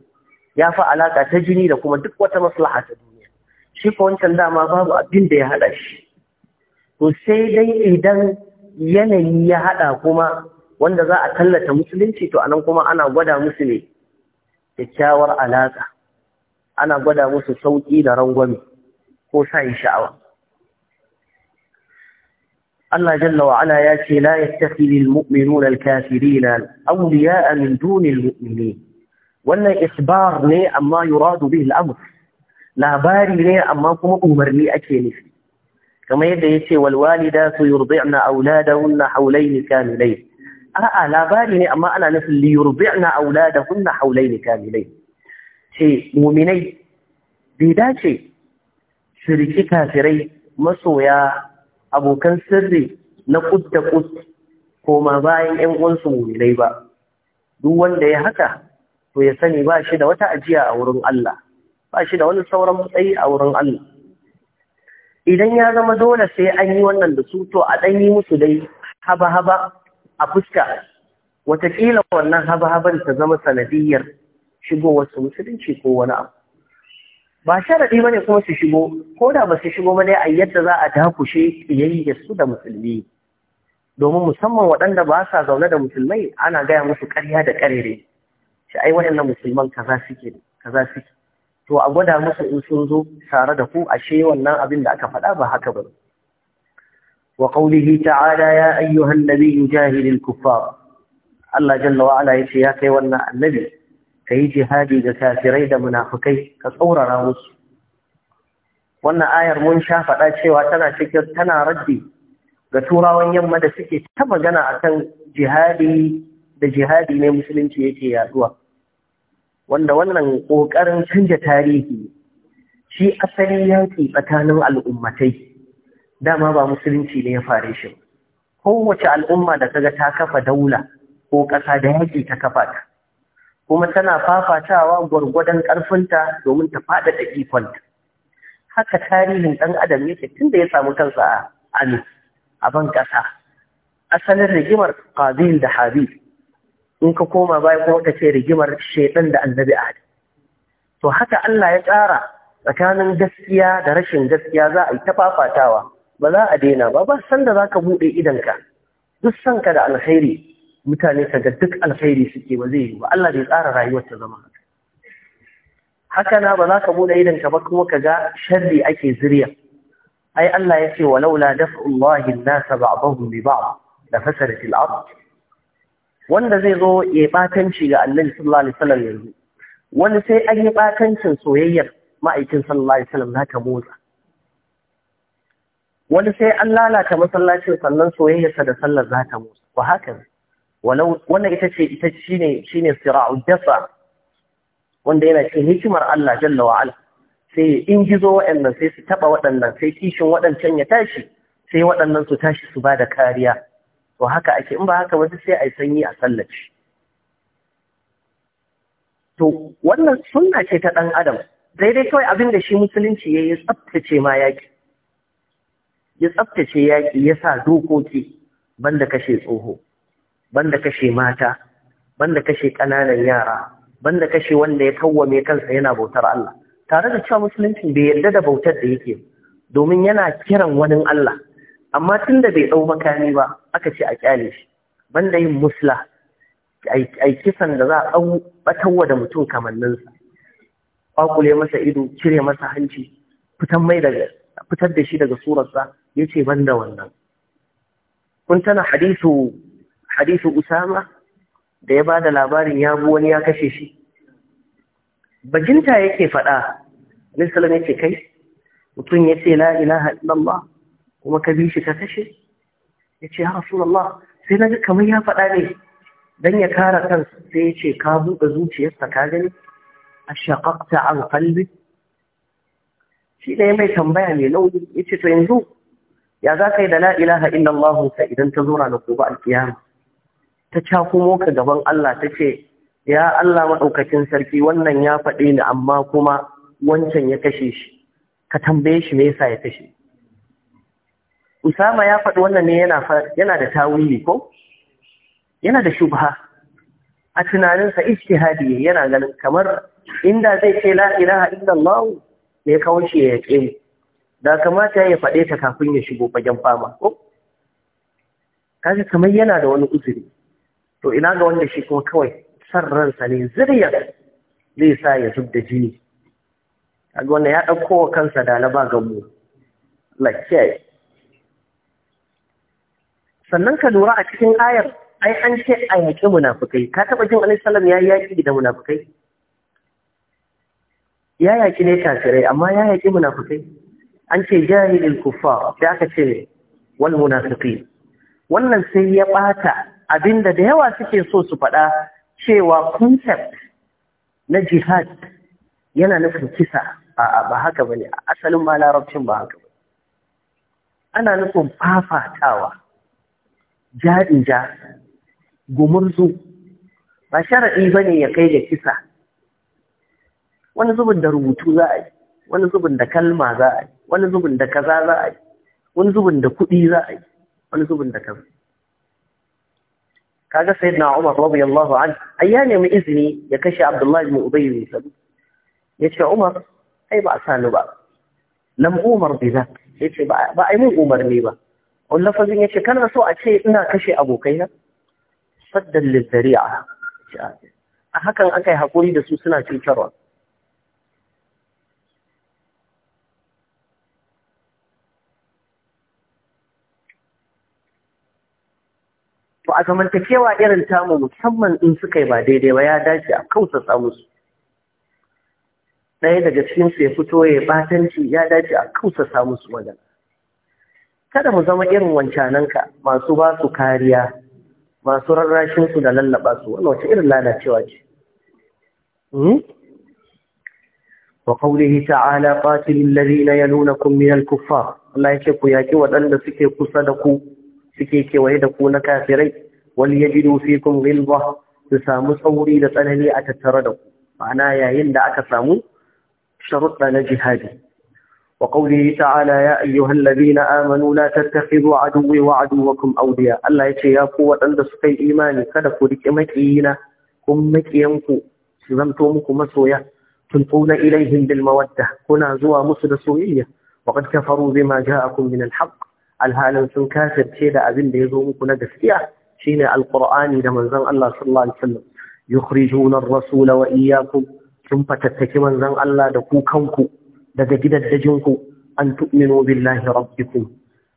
ya fi alaƙa ta jini da kuma duk wata maslaha ta duniya shi wancan dama babu abin da ya haɗa shi to sai dai idan yanayi ya haɗa kuma wanda za a tallata musulunci to anan kuma ana gwada musu ne kyakkyawar alaƙa ana gwada musu sauƙi da rangwame ko sa sha'awa Allah jalla wa ala ya ce la yattakhidul mu'minuna al-kafirina awliya'a min dunil wannan isbar ne amma yuradu bihi amr labari ne amma kuma umarni ake nufi kamar yadda yace wal walidatu yurdi'na auladahunna hawlayn kamilayn a'a labari ne amma ana nufin li yurdi'na auladahunna ni kamilai ce muminai bai dace su riki kafirai masoya abokan sirri na kud da kud koma bayan ‘yan uwansu muminai ba, duk wanda ya haka to ya sani ba shi da wata ajiya a wurin Allah, ba shi da wani sauran matsayi a wurin Allah. Idan ya zama dole sai an yi wannan da su to a ɗan yi musu dai haba-haba a fuska, wataƙila wannan haba-haban ta zama sanadiyyar Shigo wasu musulunci ko wani abu ba sharaɗi bane kuma su shigo ko da ba su shigo ba ne a yadda za a dakushe kiyayyar su da musulmi domin musamman waɗanda ba sa zaune da musulmai ana gaya musu ƙarya da ƙarere shi ai waɗannan musulman kaza suke kaza suke to a gwada musu in sun zo tare da ku ashe wannan abin da aka faɗa ba haka ba wa qawlihi ta'ala ya ayyuhan nabiyyu jahilil kuffar Allah jalla wa ala yace ya kai wannan annabi ka yi jihadi ga kafirai da munafukai ka tsaurara musu wannan ayar mun sha faɗa cewa tana cikin tana raddi ga turawan yamma da suke ta magana akan jihadi da jihadi ne musulunci yake yaduwa wanda wannan ƙoƙarin canja tarihi shi asali yaƙi tsakanin al'ummatai dama ba musulunci ne ya fare shi kowace al'umma da kaga ta kafa daula ko ƙasa da yaƙi ta kafa ta kuma tana fafatawa gwargwadon ƙarfinta domin ta faɗaɗa ikonta haka tarihin ɗan adam yake tun da ya samu kansa a a ban ƙasa asalin rigimar qabil da habil in ka koma baya kuma ka ce rigimar shaidan da annabi adam to haka Allah ya tsara tsakanin gaskiya da rashin gaskiya za a yi ta fafatawa ba za a daina ba ba san da za ka buɗe idanka duk ka da alkhairi mutane kaga duk alkhairi suke ba zai yi ba Allah bai tsara rayuwar ta zama haka haka na ba za ka bude idan ka ba kuma kaga sharri ake zuriya ai Allah ya ce walaula daf'ullahi an-nas ba'dahum bi ba'd la fasadat al-ard wanda zai zo ya batanci ga Annabi sallallahu alaihi wasallam yanzu wani sai an yi batancin soyayyar ma'aikin sallallahu alaihi wasallam za ta motsa wani sai an lalata masallacin sannan soyayyarsa da sallar za ta motsa ba haka ne wannan ita ce ita shine shine sira'u Dafa, wanda yana cikin hikimar Allah jalla wa ala sai in gizo waɗannan sai su taba waɗannan sai kishin waɗancan ya tashi sai waɗannan su tashi su bada kariya to haka ake in ba haka ba sai ai sanyi a sallaci to wannan sunna ce ta ɗan adam daidai kawai abin da shi musulunci ya yi tsaftace ma yaƙi ya tsaftace yaƙi ya sa dokoki banda kashe tsoho banda kashe mata banda kashe ƙananan yara banda kashe wanda ya kawwame kansa yana bautar Allah tare da cewa musulunci bai yarda da bautar da yake domin yana kiran wani Allah amma tun da bai ɗau makami ba aka ce a kyale shi banda yin musla ai kisan da za a batawa da mutum kamanninsa kwakule masa ido cire masa hanci fitan mai daga fitar da shi daga surarsa yace banda wannan kun tana hadisu hadithu usama da ya bada labarin ya bu wani ya kashe shi bajinta yake faɗa nisalam ya kai mutum ya ce la ilaha illallah kuma ka bi shi ka kashe ya ce ya rasulallah sai na kamar ya faɗa ne don ya kara kansa sai ya ce ka buɗe zuciyarsa ka gani a shaƙaƙta an kalbi shi ne mai tambaya mai nauyi ya ce to yanzu ya za ka yi da la ilaha illallah ka idan ta zo da gobe alkiyama ta cakumo ka gaban Allah ta ce ya Allah maɗaukacin sarki wannan ya faɗi ni amma kuma wancan ya kashe shi ka tambaye shi me yasa ya kashe Usama ya faɗi wannan ne yana da tawili ko yana da shubha a tunaninsa hadi yana ganin kamar inda zai ce la ilaha illallah ne kawai shi ya yake da kamata ya faɗe ta kafin ya shigo fagen fama ko kaga kamar yana da wani uzuri to ina ga wanda shi kuma kawai san ransa ne zuriya zai sa ya zub da jini kaga wannan ya ɗauko wa kansa da laba ga mu lakiyaye sannan ka lura a cikin ayar ai an ce a yaƙi munafukai ka taɓa jin alaihi salam ya yaƙi da munafukai ya yaƙi ne kafirai amma ya yaƙi munafukai an ce jahilin kufa da aka ce wal munafiqin wannan sai ya ɓata abinda da yawa suke so su faɗa cewa concept na jihad yana nufin kisa ba haka bane a asalin ma larabcin ba haka bane ana nufin fafatawa ja gumurzu ba sharaɗi ne ya kai da kisa wani zubin da rubutu za a yi wani zubin da kalma za a yi wani zubin da kaza za a yi wani zubin da kuɗi za a yi wani zubin da kaza kaga sayyidina Umar radiyallahu anhu ai ya nemi izini ya kashe Abdullahi ibn Ubay ibn Salul yace Umar ai ba sani ba lam Umar bi zak yace ba ai mun Umar ne ba wannan lafazin yace kana so a ce ina kashe abokaina saddan lizari'a a hakan aka yi hakuri da su suna cutarwa a zamantakewa irin tamu musamman in suka yi ba daidai ba ya dace a kautsa musu ɗaya daga cikin su ya fito ya batanci ya dace a kautsa musu wajen kada mu zama irin wancananka masu ba su kariya masu rarrashin su da lallaba su wannan wace irin lalacewa ce hmm? wa qawlihi ta'ala qatilul ladina yalunakum minal kuffar Allah yake ku yaki waɗanda suke kusa da ku سكيك وهذا كون كافري وليجدوا فيكم غلظة تسامو صوري لطنني أتتردو معنا يا هند أكسامو شرطنا جهادي وقوله تعالى يا أيها الذين آمنوا لا تتخذوا عدوي وعدوكم أولياء الله يتي يا قوة أنت سقي إيماني كدفوا لك مكينا كم مكينكو سلمتومك مسويا تلقون إليهم بالمودة كنا زوا مسر سوية وقد كفروا بما جاءكم من الحق alhalin sun kafirce da abin da ya zo muku na gaskiya shine alqur'ani da manzon Allah sallallahu alaihi wasallam yukhrijuna ar-rasul wa iyyakum sun fatattaki manzon Allah da ku kanku daga gidaddajinku an tu'minu billahi rabbikum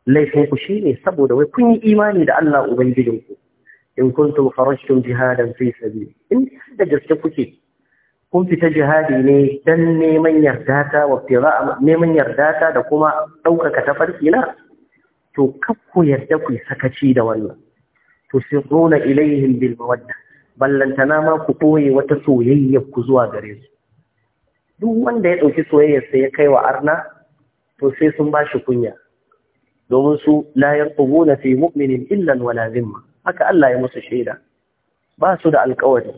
laifin ku shine saboda wai kun yi imani da Allah ubangijinku in kuntum kharajtum jihadan fi sabili in da gaske kuke kun fita jihadi ne dan neman yarda ta wa neman yarda ta da kuma ɗaukaka tafarki na to kakku yarda ku sakaci da wannan tusirruna ilaihim bil mawadda ballantana ma ku ɓoye wata soyayyar ku zuwa gare su duk wanda ya ɗauki soyayyar sai ya kai wa arna to sai sun ba shi kunya domin su la yarqubuna fi mu'minin illa wala zimma haka Allah ya musu shaida ba su da alƙawari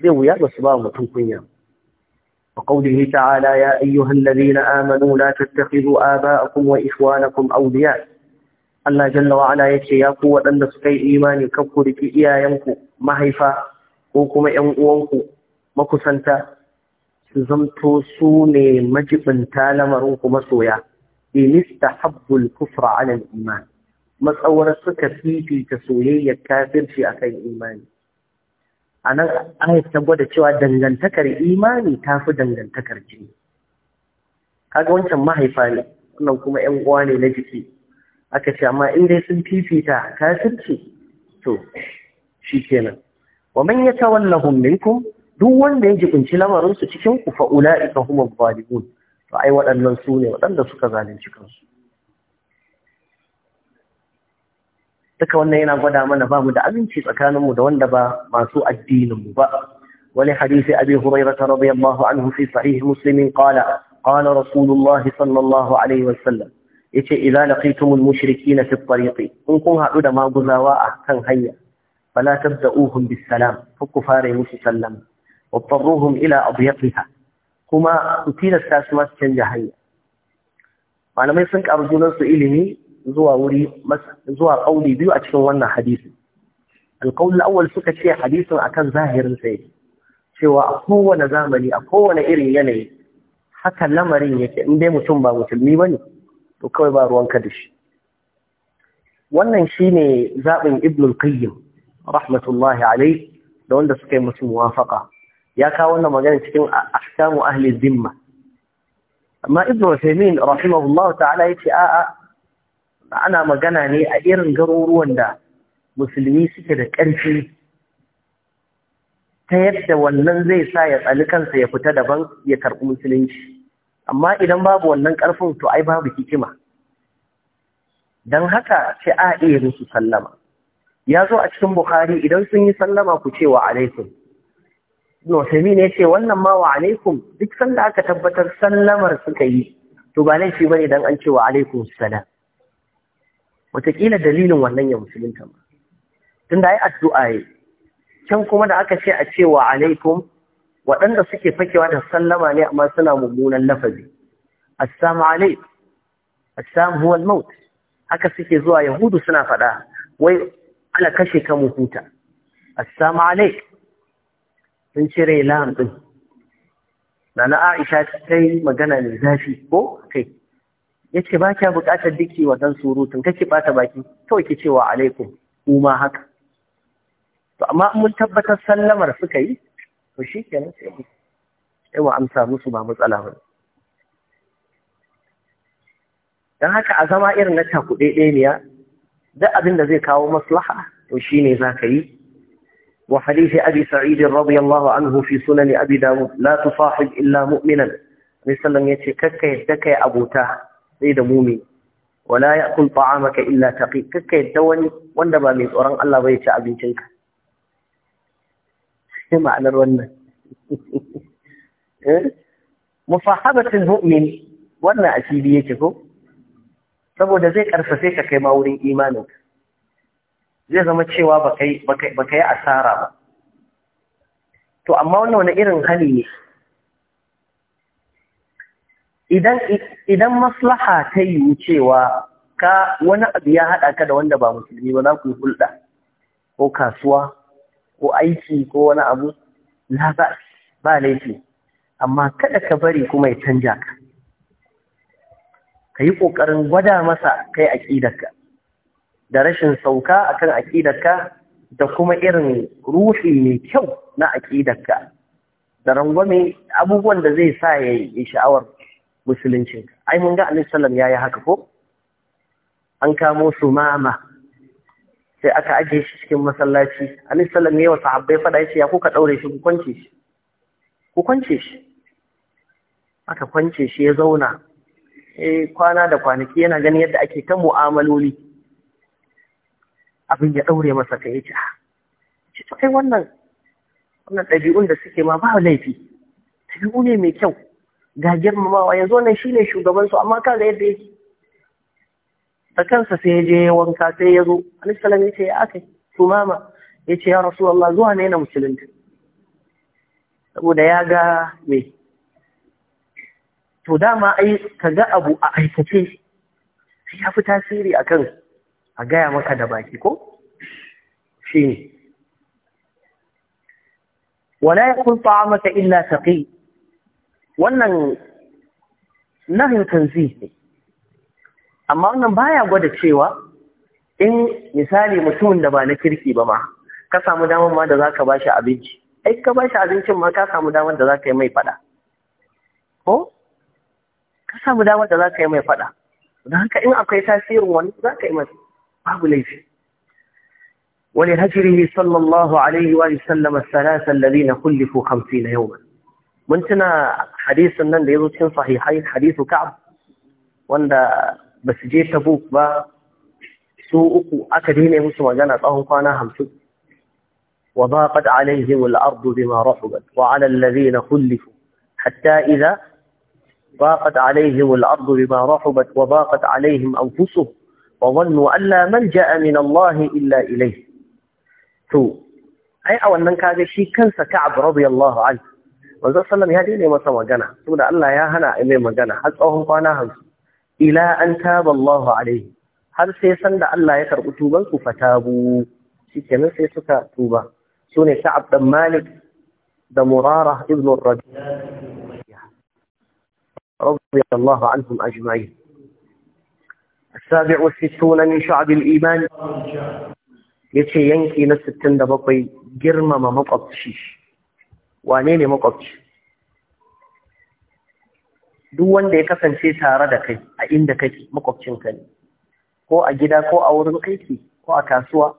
zai wuya ba su ba mutum kunya وقوله تعالى يا أيها الذين آمنوا لا تتخذوا آباءكم وإخوانكم أولياء الله جل وعلا يكي يقوى أن نسكي إيماني كفر في إيا ينكو ما هيفا وكما ينقوانكو مكو كسنتا زمتو سوني مجب تالم مروك مسويا إن استحب الكفر على الإيمان مسأول السكة في في تسويه الكافر في أخي إيماني a nan ayat ta gwada cewa dangantakar imani ta fi dangantakar jini kaga wancan mahaifa ne wannan kuma yan uwa ne na jiki aka ce amma in dai sun fifita kafirci to shi kenan wa man yatawallahum minkum duk wanda ya jibinci lamarin su cikin ku fa ulaika humuz zalimun to ai waɗannan su ne waɗanda suka zalunci kansu duka wannan yana gwada mana ba mu da aminci tsakaninmu da wanda ba masu addininmu ba wani hadisi abi hurairata radiyallahu anhu fi sahih muslim qala qala rasulullah sallallahu alaihi wa sallam. Ya ce, Iza laqitumul mushrikeena fi at-tariqi in kun haɗu da maguzawa a kan hanya fala tabda'uhum bis salam ku fara musu sallama واضطروهم إلى أضيقها كما أتيل الساس ما تشنج Malamai sun سنك junansu ilimi. zuwa wuri zuwa kauli biyu a cikin wannan hadisin, alqaul awal suka ce hadisin akan zahirin sa cewa a kowane zamani a kowane irin yanayi haka lamarin yake in dai mutum ba musulmi ne, to kawai ba ruwan ka shi wannan shine zaɓin ibnul qayyim rahmatullahi alai da wanda suka yi musu muwafaqa ya kawo wannan magana cikin ahkamu ahli dhimma amma ibnu usaymin rahimahullahu ta'ala yace a'a ana magana ne a irin garuruwan da musulmi suke da ƙarfi ta yadda wannan zai sa ya tsali kansa ya fita daban ya karɓi musulunci amma idan babu wannan ƙarfin to ai babu hikima don haka ce a iya musu sallama ya zo a cikin Bukhari idan sun yi sallama ku ce wa alaikum sami ne ce wannan ma wa alaikum duk sanda aka tabbatar sallamar suka yi to ba laifi bane dan an ce wa alaikum salam wataƙila dalilin wannan ya musulunta ba tun da ai addu'a yi can kuma da aka ce a cewa alaikum waɗanda suke fakewa da sallama ne amma suna mummunan lafazi assalamu alaikum assalamu huwal maut haka suke zuwa yahudu suna faɗa wai ala kashe ka mu huta assalamu alaikum sun cire lam din nana Aisha ta yi magana mai zafi ko kai ya ce ba kya buƙatar duk ki surutun kake bata baki kawai ki cewa alaikum kuma haka to amma mun tabbatar sallamar suka yi to shi kenan sai mu amsa musu ba matsala ba don haka a zama irin na cakuɗe ɗaya duk abin da zai kawo maslaha to shine za ka yi وحديث أبي سعيد رضي الله عنه في سنن أبي داود لا تصاحب إلا مؤمنا عليه وسلم يتكك يدك abota. sai da mumi wala ya'kul ta'amaka illa taqi kakka yadda wani wanda ba mai tsoron Allah ba ya ci abincinka sai ma'anar wannan (laughs) eh? mufahabatin mu'min wannan asiri yake ko saboda zai karfafe ka kai ma wurin imanin, zai zama cewa baka yi asara ba to amma wannan wani irin hali ne idan maslaha ta yi cewa ka wani abu ya haɗa ka da wanda ba musulmi ba za ku yi hulɗa ko kasuwa ko aiki ko wani abu na ba ba laifi amma kada ka bari kuma ya canja ka ka yi ƙoƙarin gwada masa kai aƙidarka da rashin sauka akan aƙidarka da kuma irin ruhi mai kyau na aƙidarka da rangwame abubuwan da zai sa ya yi sha'awar musuluncinka ai mun ga annabi ya yayi haka ko an kamo su mama sai aka ajiye shi cikin masallaci annabi sallam yayi wa sahabbai fada yace ya kuka daure shi ku kwance shi ku kwance shi aka kwance shi ya zauna eh kwana da kwanaki yana ganin yadda ake ta mu'amaloli abin ya daure masa kai yace ah. ce to kai wannan wannan ɗabi'un da suke ma ba laifi ɗabi'u ne mai kyau ga girmamawa yanzu wannan shine shugaban su amma kaga yadda yake da kansa sai ya je wanka sai ya zo alisalam ya ce ya akai tumama? ya ce ya rasu, Allah zuwa ne na musulunta saboda ya ga me to dama ai ka ga abu a aikace ya fi tasiri akan a gaya maka da baki ko shi ne wala yakun maka illa taqi wannan nahin tanzih ne amma wannan baya gwada cewa in misali mutumin da ba na kirki ba ma ka samu damar ma da za ba bashi abinci ai ka bashi abincin ma ka samu damar da za ka yi mai fada ko ka samu damar da za ka yi mai fada don haka in akwai tasirin wani za ka yi mai babu laifi ولهجره صلى الله عليه وآله وسلم الثلاثة الذين خلفوا خمسين ba? منتنا حديث hadisin nan da ya zo cikin sahihai hadisu ka'ab wanda ba su je tabuk ba su uku aka dine وضاقت عليهم الأرض بما رحبت وعلى الذين خلفوا حتى إذا ضاقت عليهم الأرض بما رحبت وضاقت عليهم أنفسهم وظنوا أن لا ملجأ من الله إلا إليه تو أي أولا كان شي كنس كعب رضي الله عنه manzo sallam ya daina masa magana saboda Allah ya hana a mai magana har tsawon kwana hamsin ila an taba Allahu alaihi har sai sanda Allah ya karɓi tuban su fatabu shikenan sai suka tuba sune Sa'ab dan Malik da Murara ibn Rabi radiyallahu anhum ajma'in السابع والستون من شعب الإيمان يتي ينكي نسبتن دبقي جرم ما wane ne makwabci duk wanda ya kasance tare da kai a inda kake makwabcinka ne ko a gida ko a wurin aiki ko a kasuwa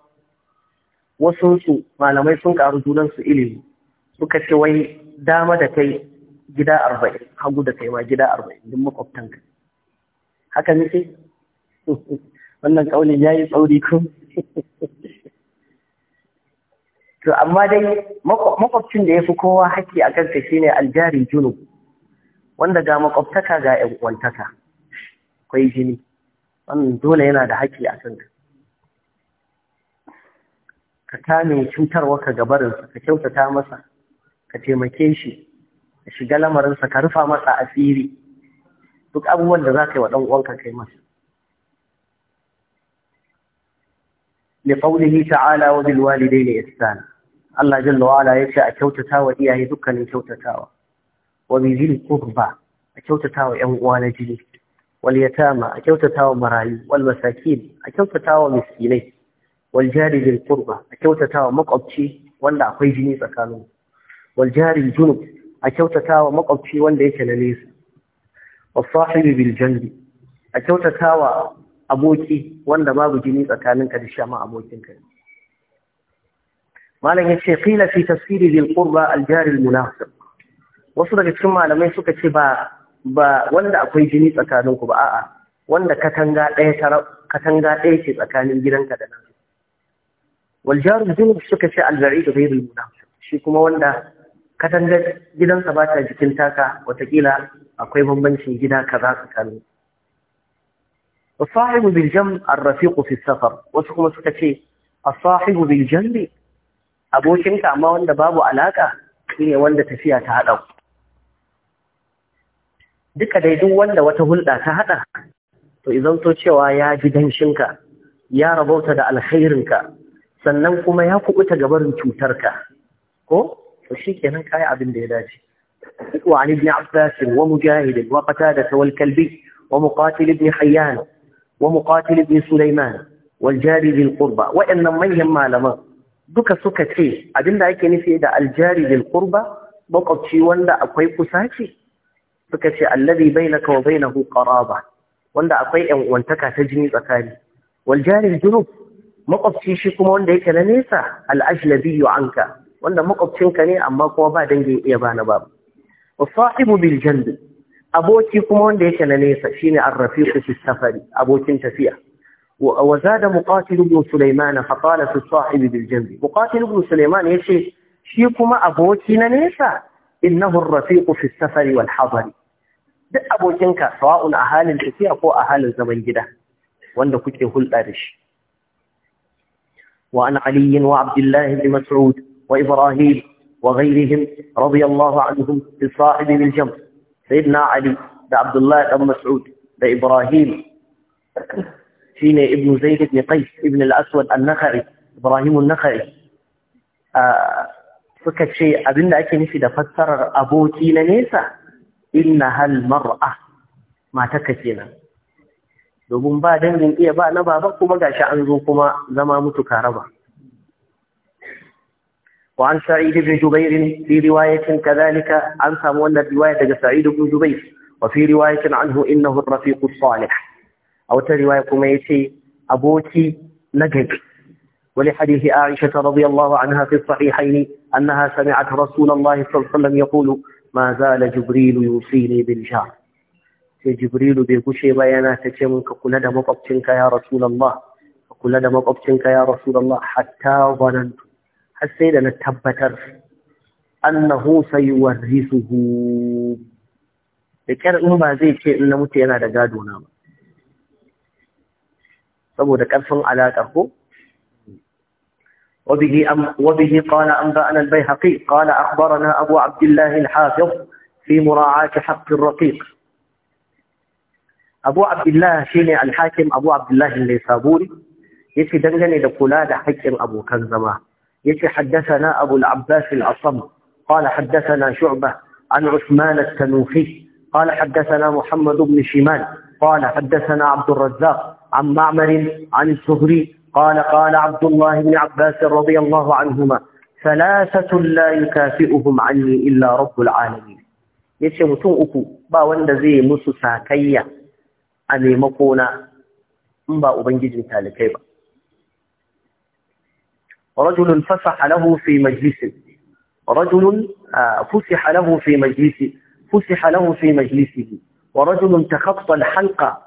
wasu malamai sun karu junansu ilimi suka ce wai dama da kai gida arba'in hagu da kai ma gida arba'in duk makwabtanka haka nake (laughs) wannan ƙaunin ya yi tsauri kun (laughs) to amma dai makwabcin da ya fi kowa haƙƙi a kanka ne aljari junub wanda ga makwabtaka ga ƴan akwai jini wannan dole yana da haƙƙi a kanka ka kame cutarwa ka gabarinsa ka kyautata masa ka taimake shi ka shiga lamarinsa ka rufa masa asiri duk abubuwan da za ka yi wa ɗan'uwanka kai masa لقوله تعالى وبالوالدين إحسانا Allah jalla wa ala yace a kyautata wa iyaye dukkanin kyautatawa wa bi zil qurba a kyautata wa ƴan uwa na jini wal yatama a kyautata wa marayu wal masakin a kyautata wa miskinai wal jari bil qurba a kyautata wa makwabci wanda akwai jini tsakanin wal jari junub a kyautata wa makwabci wanda yake na nesa wa sahibi bil janbi a aboki wanda babu jini tsakaninka da shi ma abokinka ne malam yace qila fi tafsiri lil qurba al jari al munafiq wasu daga cikin malamai suka ce ba ba wanda akwai jini tsakanin ku ba a'a wanda katanga ɗaya tara katanga ɗaya ce tsakanin gidanka da nan wal jaru jini suka ce al ba'id ghayr al munafiq shi kuma wanda katangar gidansa ba ta jikin taka watakila akwai bambancin gida kaza tsakanin والصاحب بالجنب الرفيق في السفر وسكما سكتي الصاحب بالجنب abokinka amma wanda babu alaka shine wanda tafiya ta haɗa duka dai duk wanda wata hulɗa ta haɗa to to cewa ya ji danshinka ya rabauta da alkhairinka sannan kuma ya kubuta gabarin cutarka ko to shikenan kai abin da ya dace wa ali ibn abbas wa mujahid wa qatada wal kalbi wa muqatil ibn hayyan wa muqatil ibn sulaiman wal jari bil qurba wa manyan malaman duka suka ce abinda ake nufi da aljari bil qurba makwabci wanda akwai ce, suka ce allazi bainaka wa bainahu qaraba wanda akwai yan uwantaka ta jini tsakani wal jari junub makwabci shi kuma wanda yake na nesa al ajnabi anka wanda makwabcinka ne amma kuma ba dangin iya bana babu wa sahibu bil janbi aboki kuma wanda yake na nesa shine ar-rafiqu fi safari abokin tafiya وزاد مقاتل بن سليمان فقال في الصاحب بالجنب مقاتل بن سليمان يشي شيكما أبوكي ننسى إنه الرفيق في السفر والحضر أبو أبوكينك سواء أهالي الحسيح أو أهالي الزمن جدا وأن كتله الأرش وأن علي وعبد الله بن مسعود وإبراهيم وغيرهم رضي الله عنهم في الصاحب بالجنب سيدنا علي ده عبد الله بن مسعود بإبراهيم حين ابن زيد بن قيس ابن الأسود النخعي إبراهيم النخعي suka ce abinda ake nufi da fassarar aboki na nesa inna hal mar'a mata ka kenan domin ba dangin iya ba na baba kuma gashi an zo kuma zama mutu raba. wa an sa'id ibn jubair fi riwayatin kadhalika an samu wannan riwaya daga sa'id ibn jubair wa fi riwayatin anhu innahu ar-rafiqus salih a wata riwaya kuma yace aboki na gari wani hadisi Aisha ta radiyallahu anha fi sahihain annaha sami'at rasulullahi sallallahu alaihi wasallam yaqulu ma zala jibril yusini bil jah sai jibrilu bai gushe ba yana ta ce min ka kula da makwabcinka ya rasulullah ka kula da makwabcinka ya rasulullah hatta zanantu har sai da na tabbatar annahu sayuwarrisuhu da kyar in ba zai ce in na mutu yana da gado na ba saboda ƙarfin على ko وبه, أم وبه قال أنبأنا البيهقي قال أخبرنا أبو عبد الله الحافظ في مراعاة حق الرقيق أبو عبد الله شيني الحاكم أبو عبد الله صابوري يتي دنجني لقلاد حق أبو كنزما يتي حدثنا أبو العباس العصم قال حدثنا شعبة عن عثمان التنوخي قال حدثنا محمد بن شمال قال حدثنا عبد الرزاق عن معمر عن الزهري قال قال عبد الله بن عباس رضي الله عنهما ثلاثة لا يكافئهم عني إلا رب العالمين yace mutum uku ba wanda zai أني مقونا a maimakona in ba رجل فسح له في مجلس رجل آه، فسح له في مجلس فسح له في مجلسه ورجل تخطى الحلقة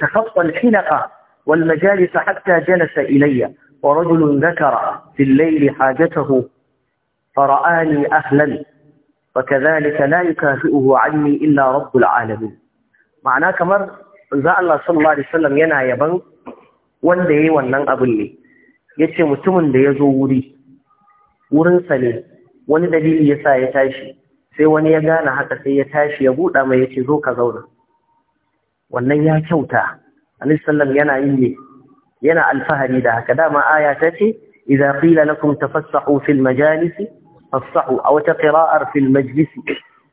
تخطى الحنق والمجالس حتى جلس إلي ورجل ذكر في الليل حاجته فرآني أهلا وكذلك لا يكافئه عني إلا رب العالمين معناه كمر إذا الله صلى الله عليه وسلم ينا يبن وانده وانن أبلي يتشي متمن دي زوري ورنسلي وانده لي يسا يتاشي سي وان يغانا حتى سي يتاشي يبوط أما يتشي زوك wannan ya kyauta alaihi sallam yana yin ne yana alfahari da haka dama aya ta ce idza qila lakum tafassahu fil majalis fassahu aw taqra'ar fil majlis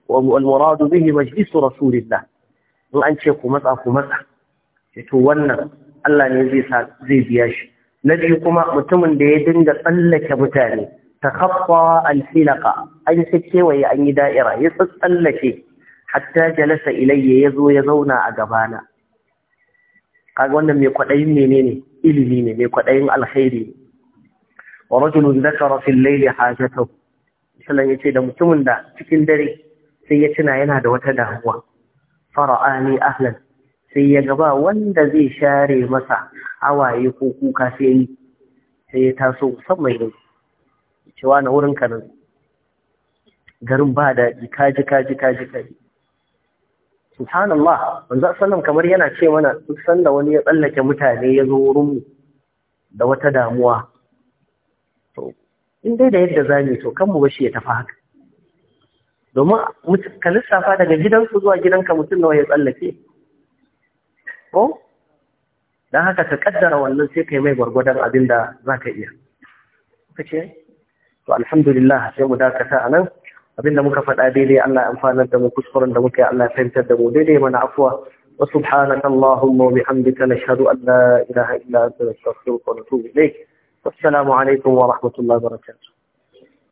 wal murad bihi majlis rasulillah in an ce ku matsa ku matsa to wannan Allah ne zai sa zai biya shi na biyu kuma mutumin da ya dinga tsallake mutane ta al-hilaqa an sai kewaye an yi da'ira ya tsallake hatta jalasa ilayya ya zo ya zauna a gabana kaga wannan mai kwaɗayin menene ilimi ne mai kwaɗayin alkhairi ne wa rajulun dakara fil layli hajatahu sallan yace da mutumin da cikin dare sai ya tuna yana da wata damuwa fara'ani ahlan sai ya gaba wanda zai share masa hawaye ko kuka sai sai ya taso musamman yau cewa na wurin kanan garin ba da jikaji kaji kaji kaji subhanallah manzo sallam kamar yana ce mana duk sanda wani ya tsallake mutane ya zo wurin mu da wata damuwa to in dai da yadda zamu to kan mu bashi ya tafi haka domin ka lissafa daga gidansu zuwa gidanka mutum nawa ya tsallake ko dan haka ka kaddara wannan sai kai mai gwargwadon abin da zaka iya kace to alhamdulillah sai mu dakata anan abinda muka faɗa daidai Allah ya amfanar da mu kuskuren da muka yi Allah ya fahimtar da mu daidai mana afwa wa subhanaka allahumma wa bihamdika nashhadu an la ilaha illa anta nastaghfiruka wa natubu ilayk wassalamu alaikum wa rahmatullahi wa barakatuh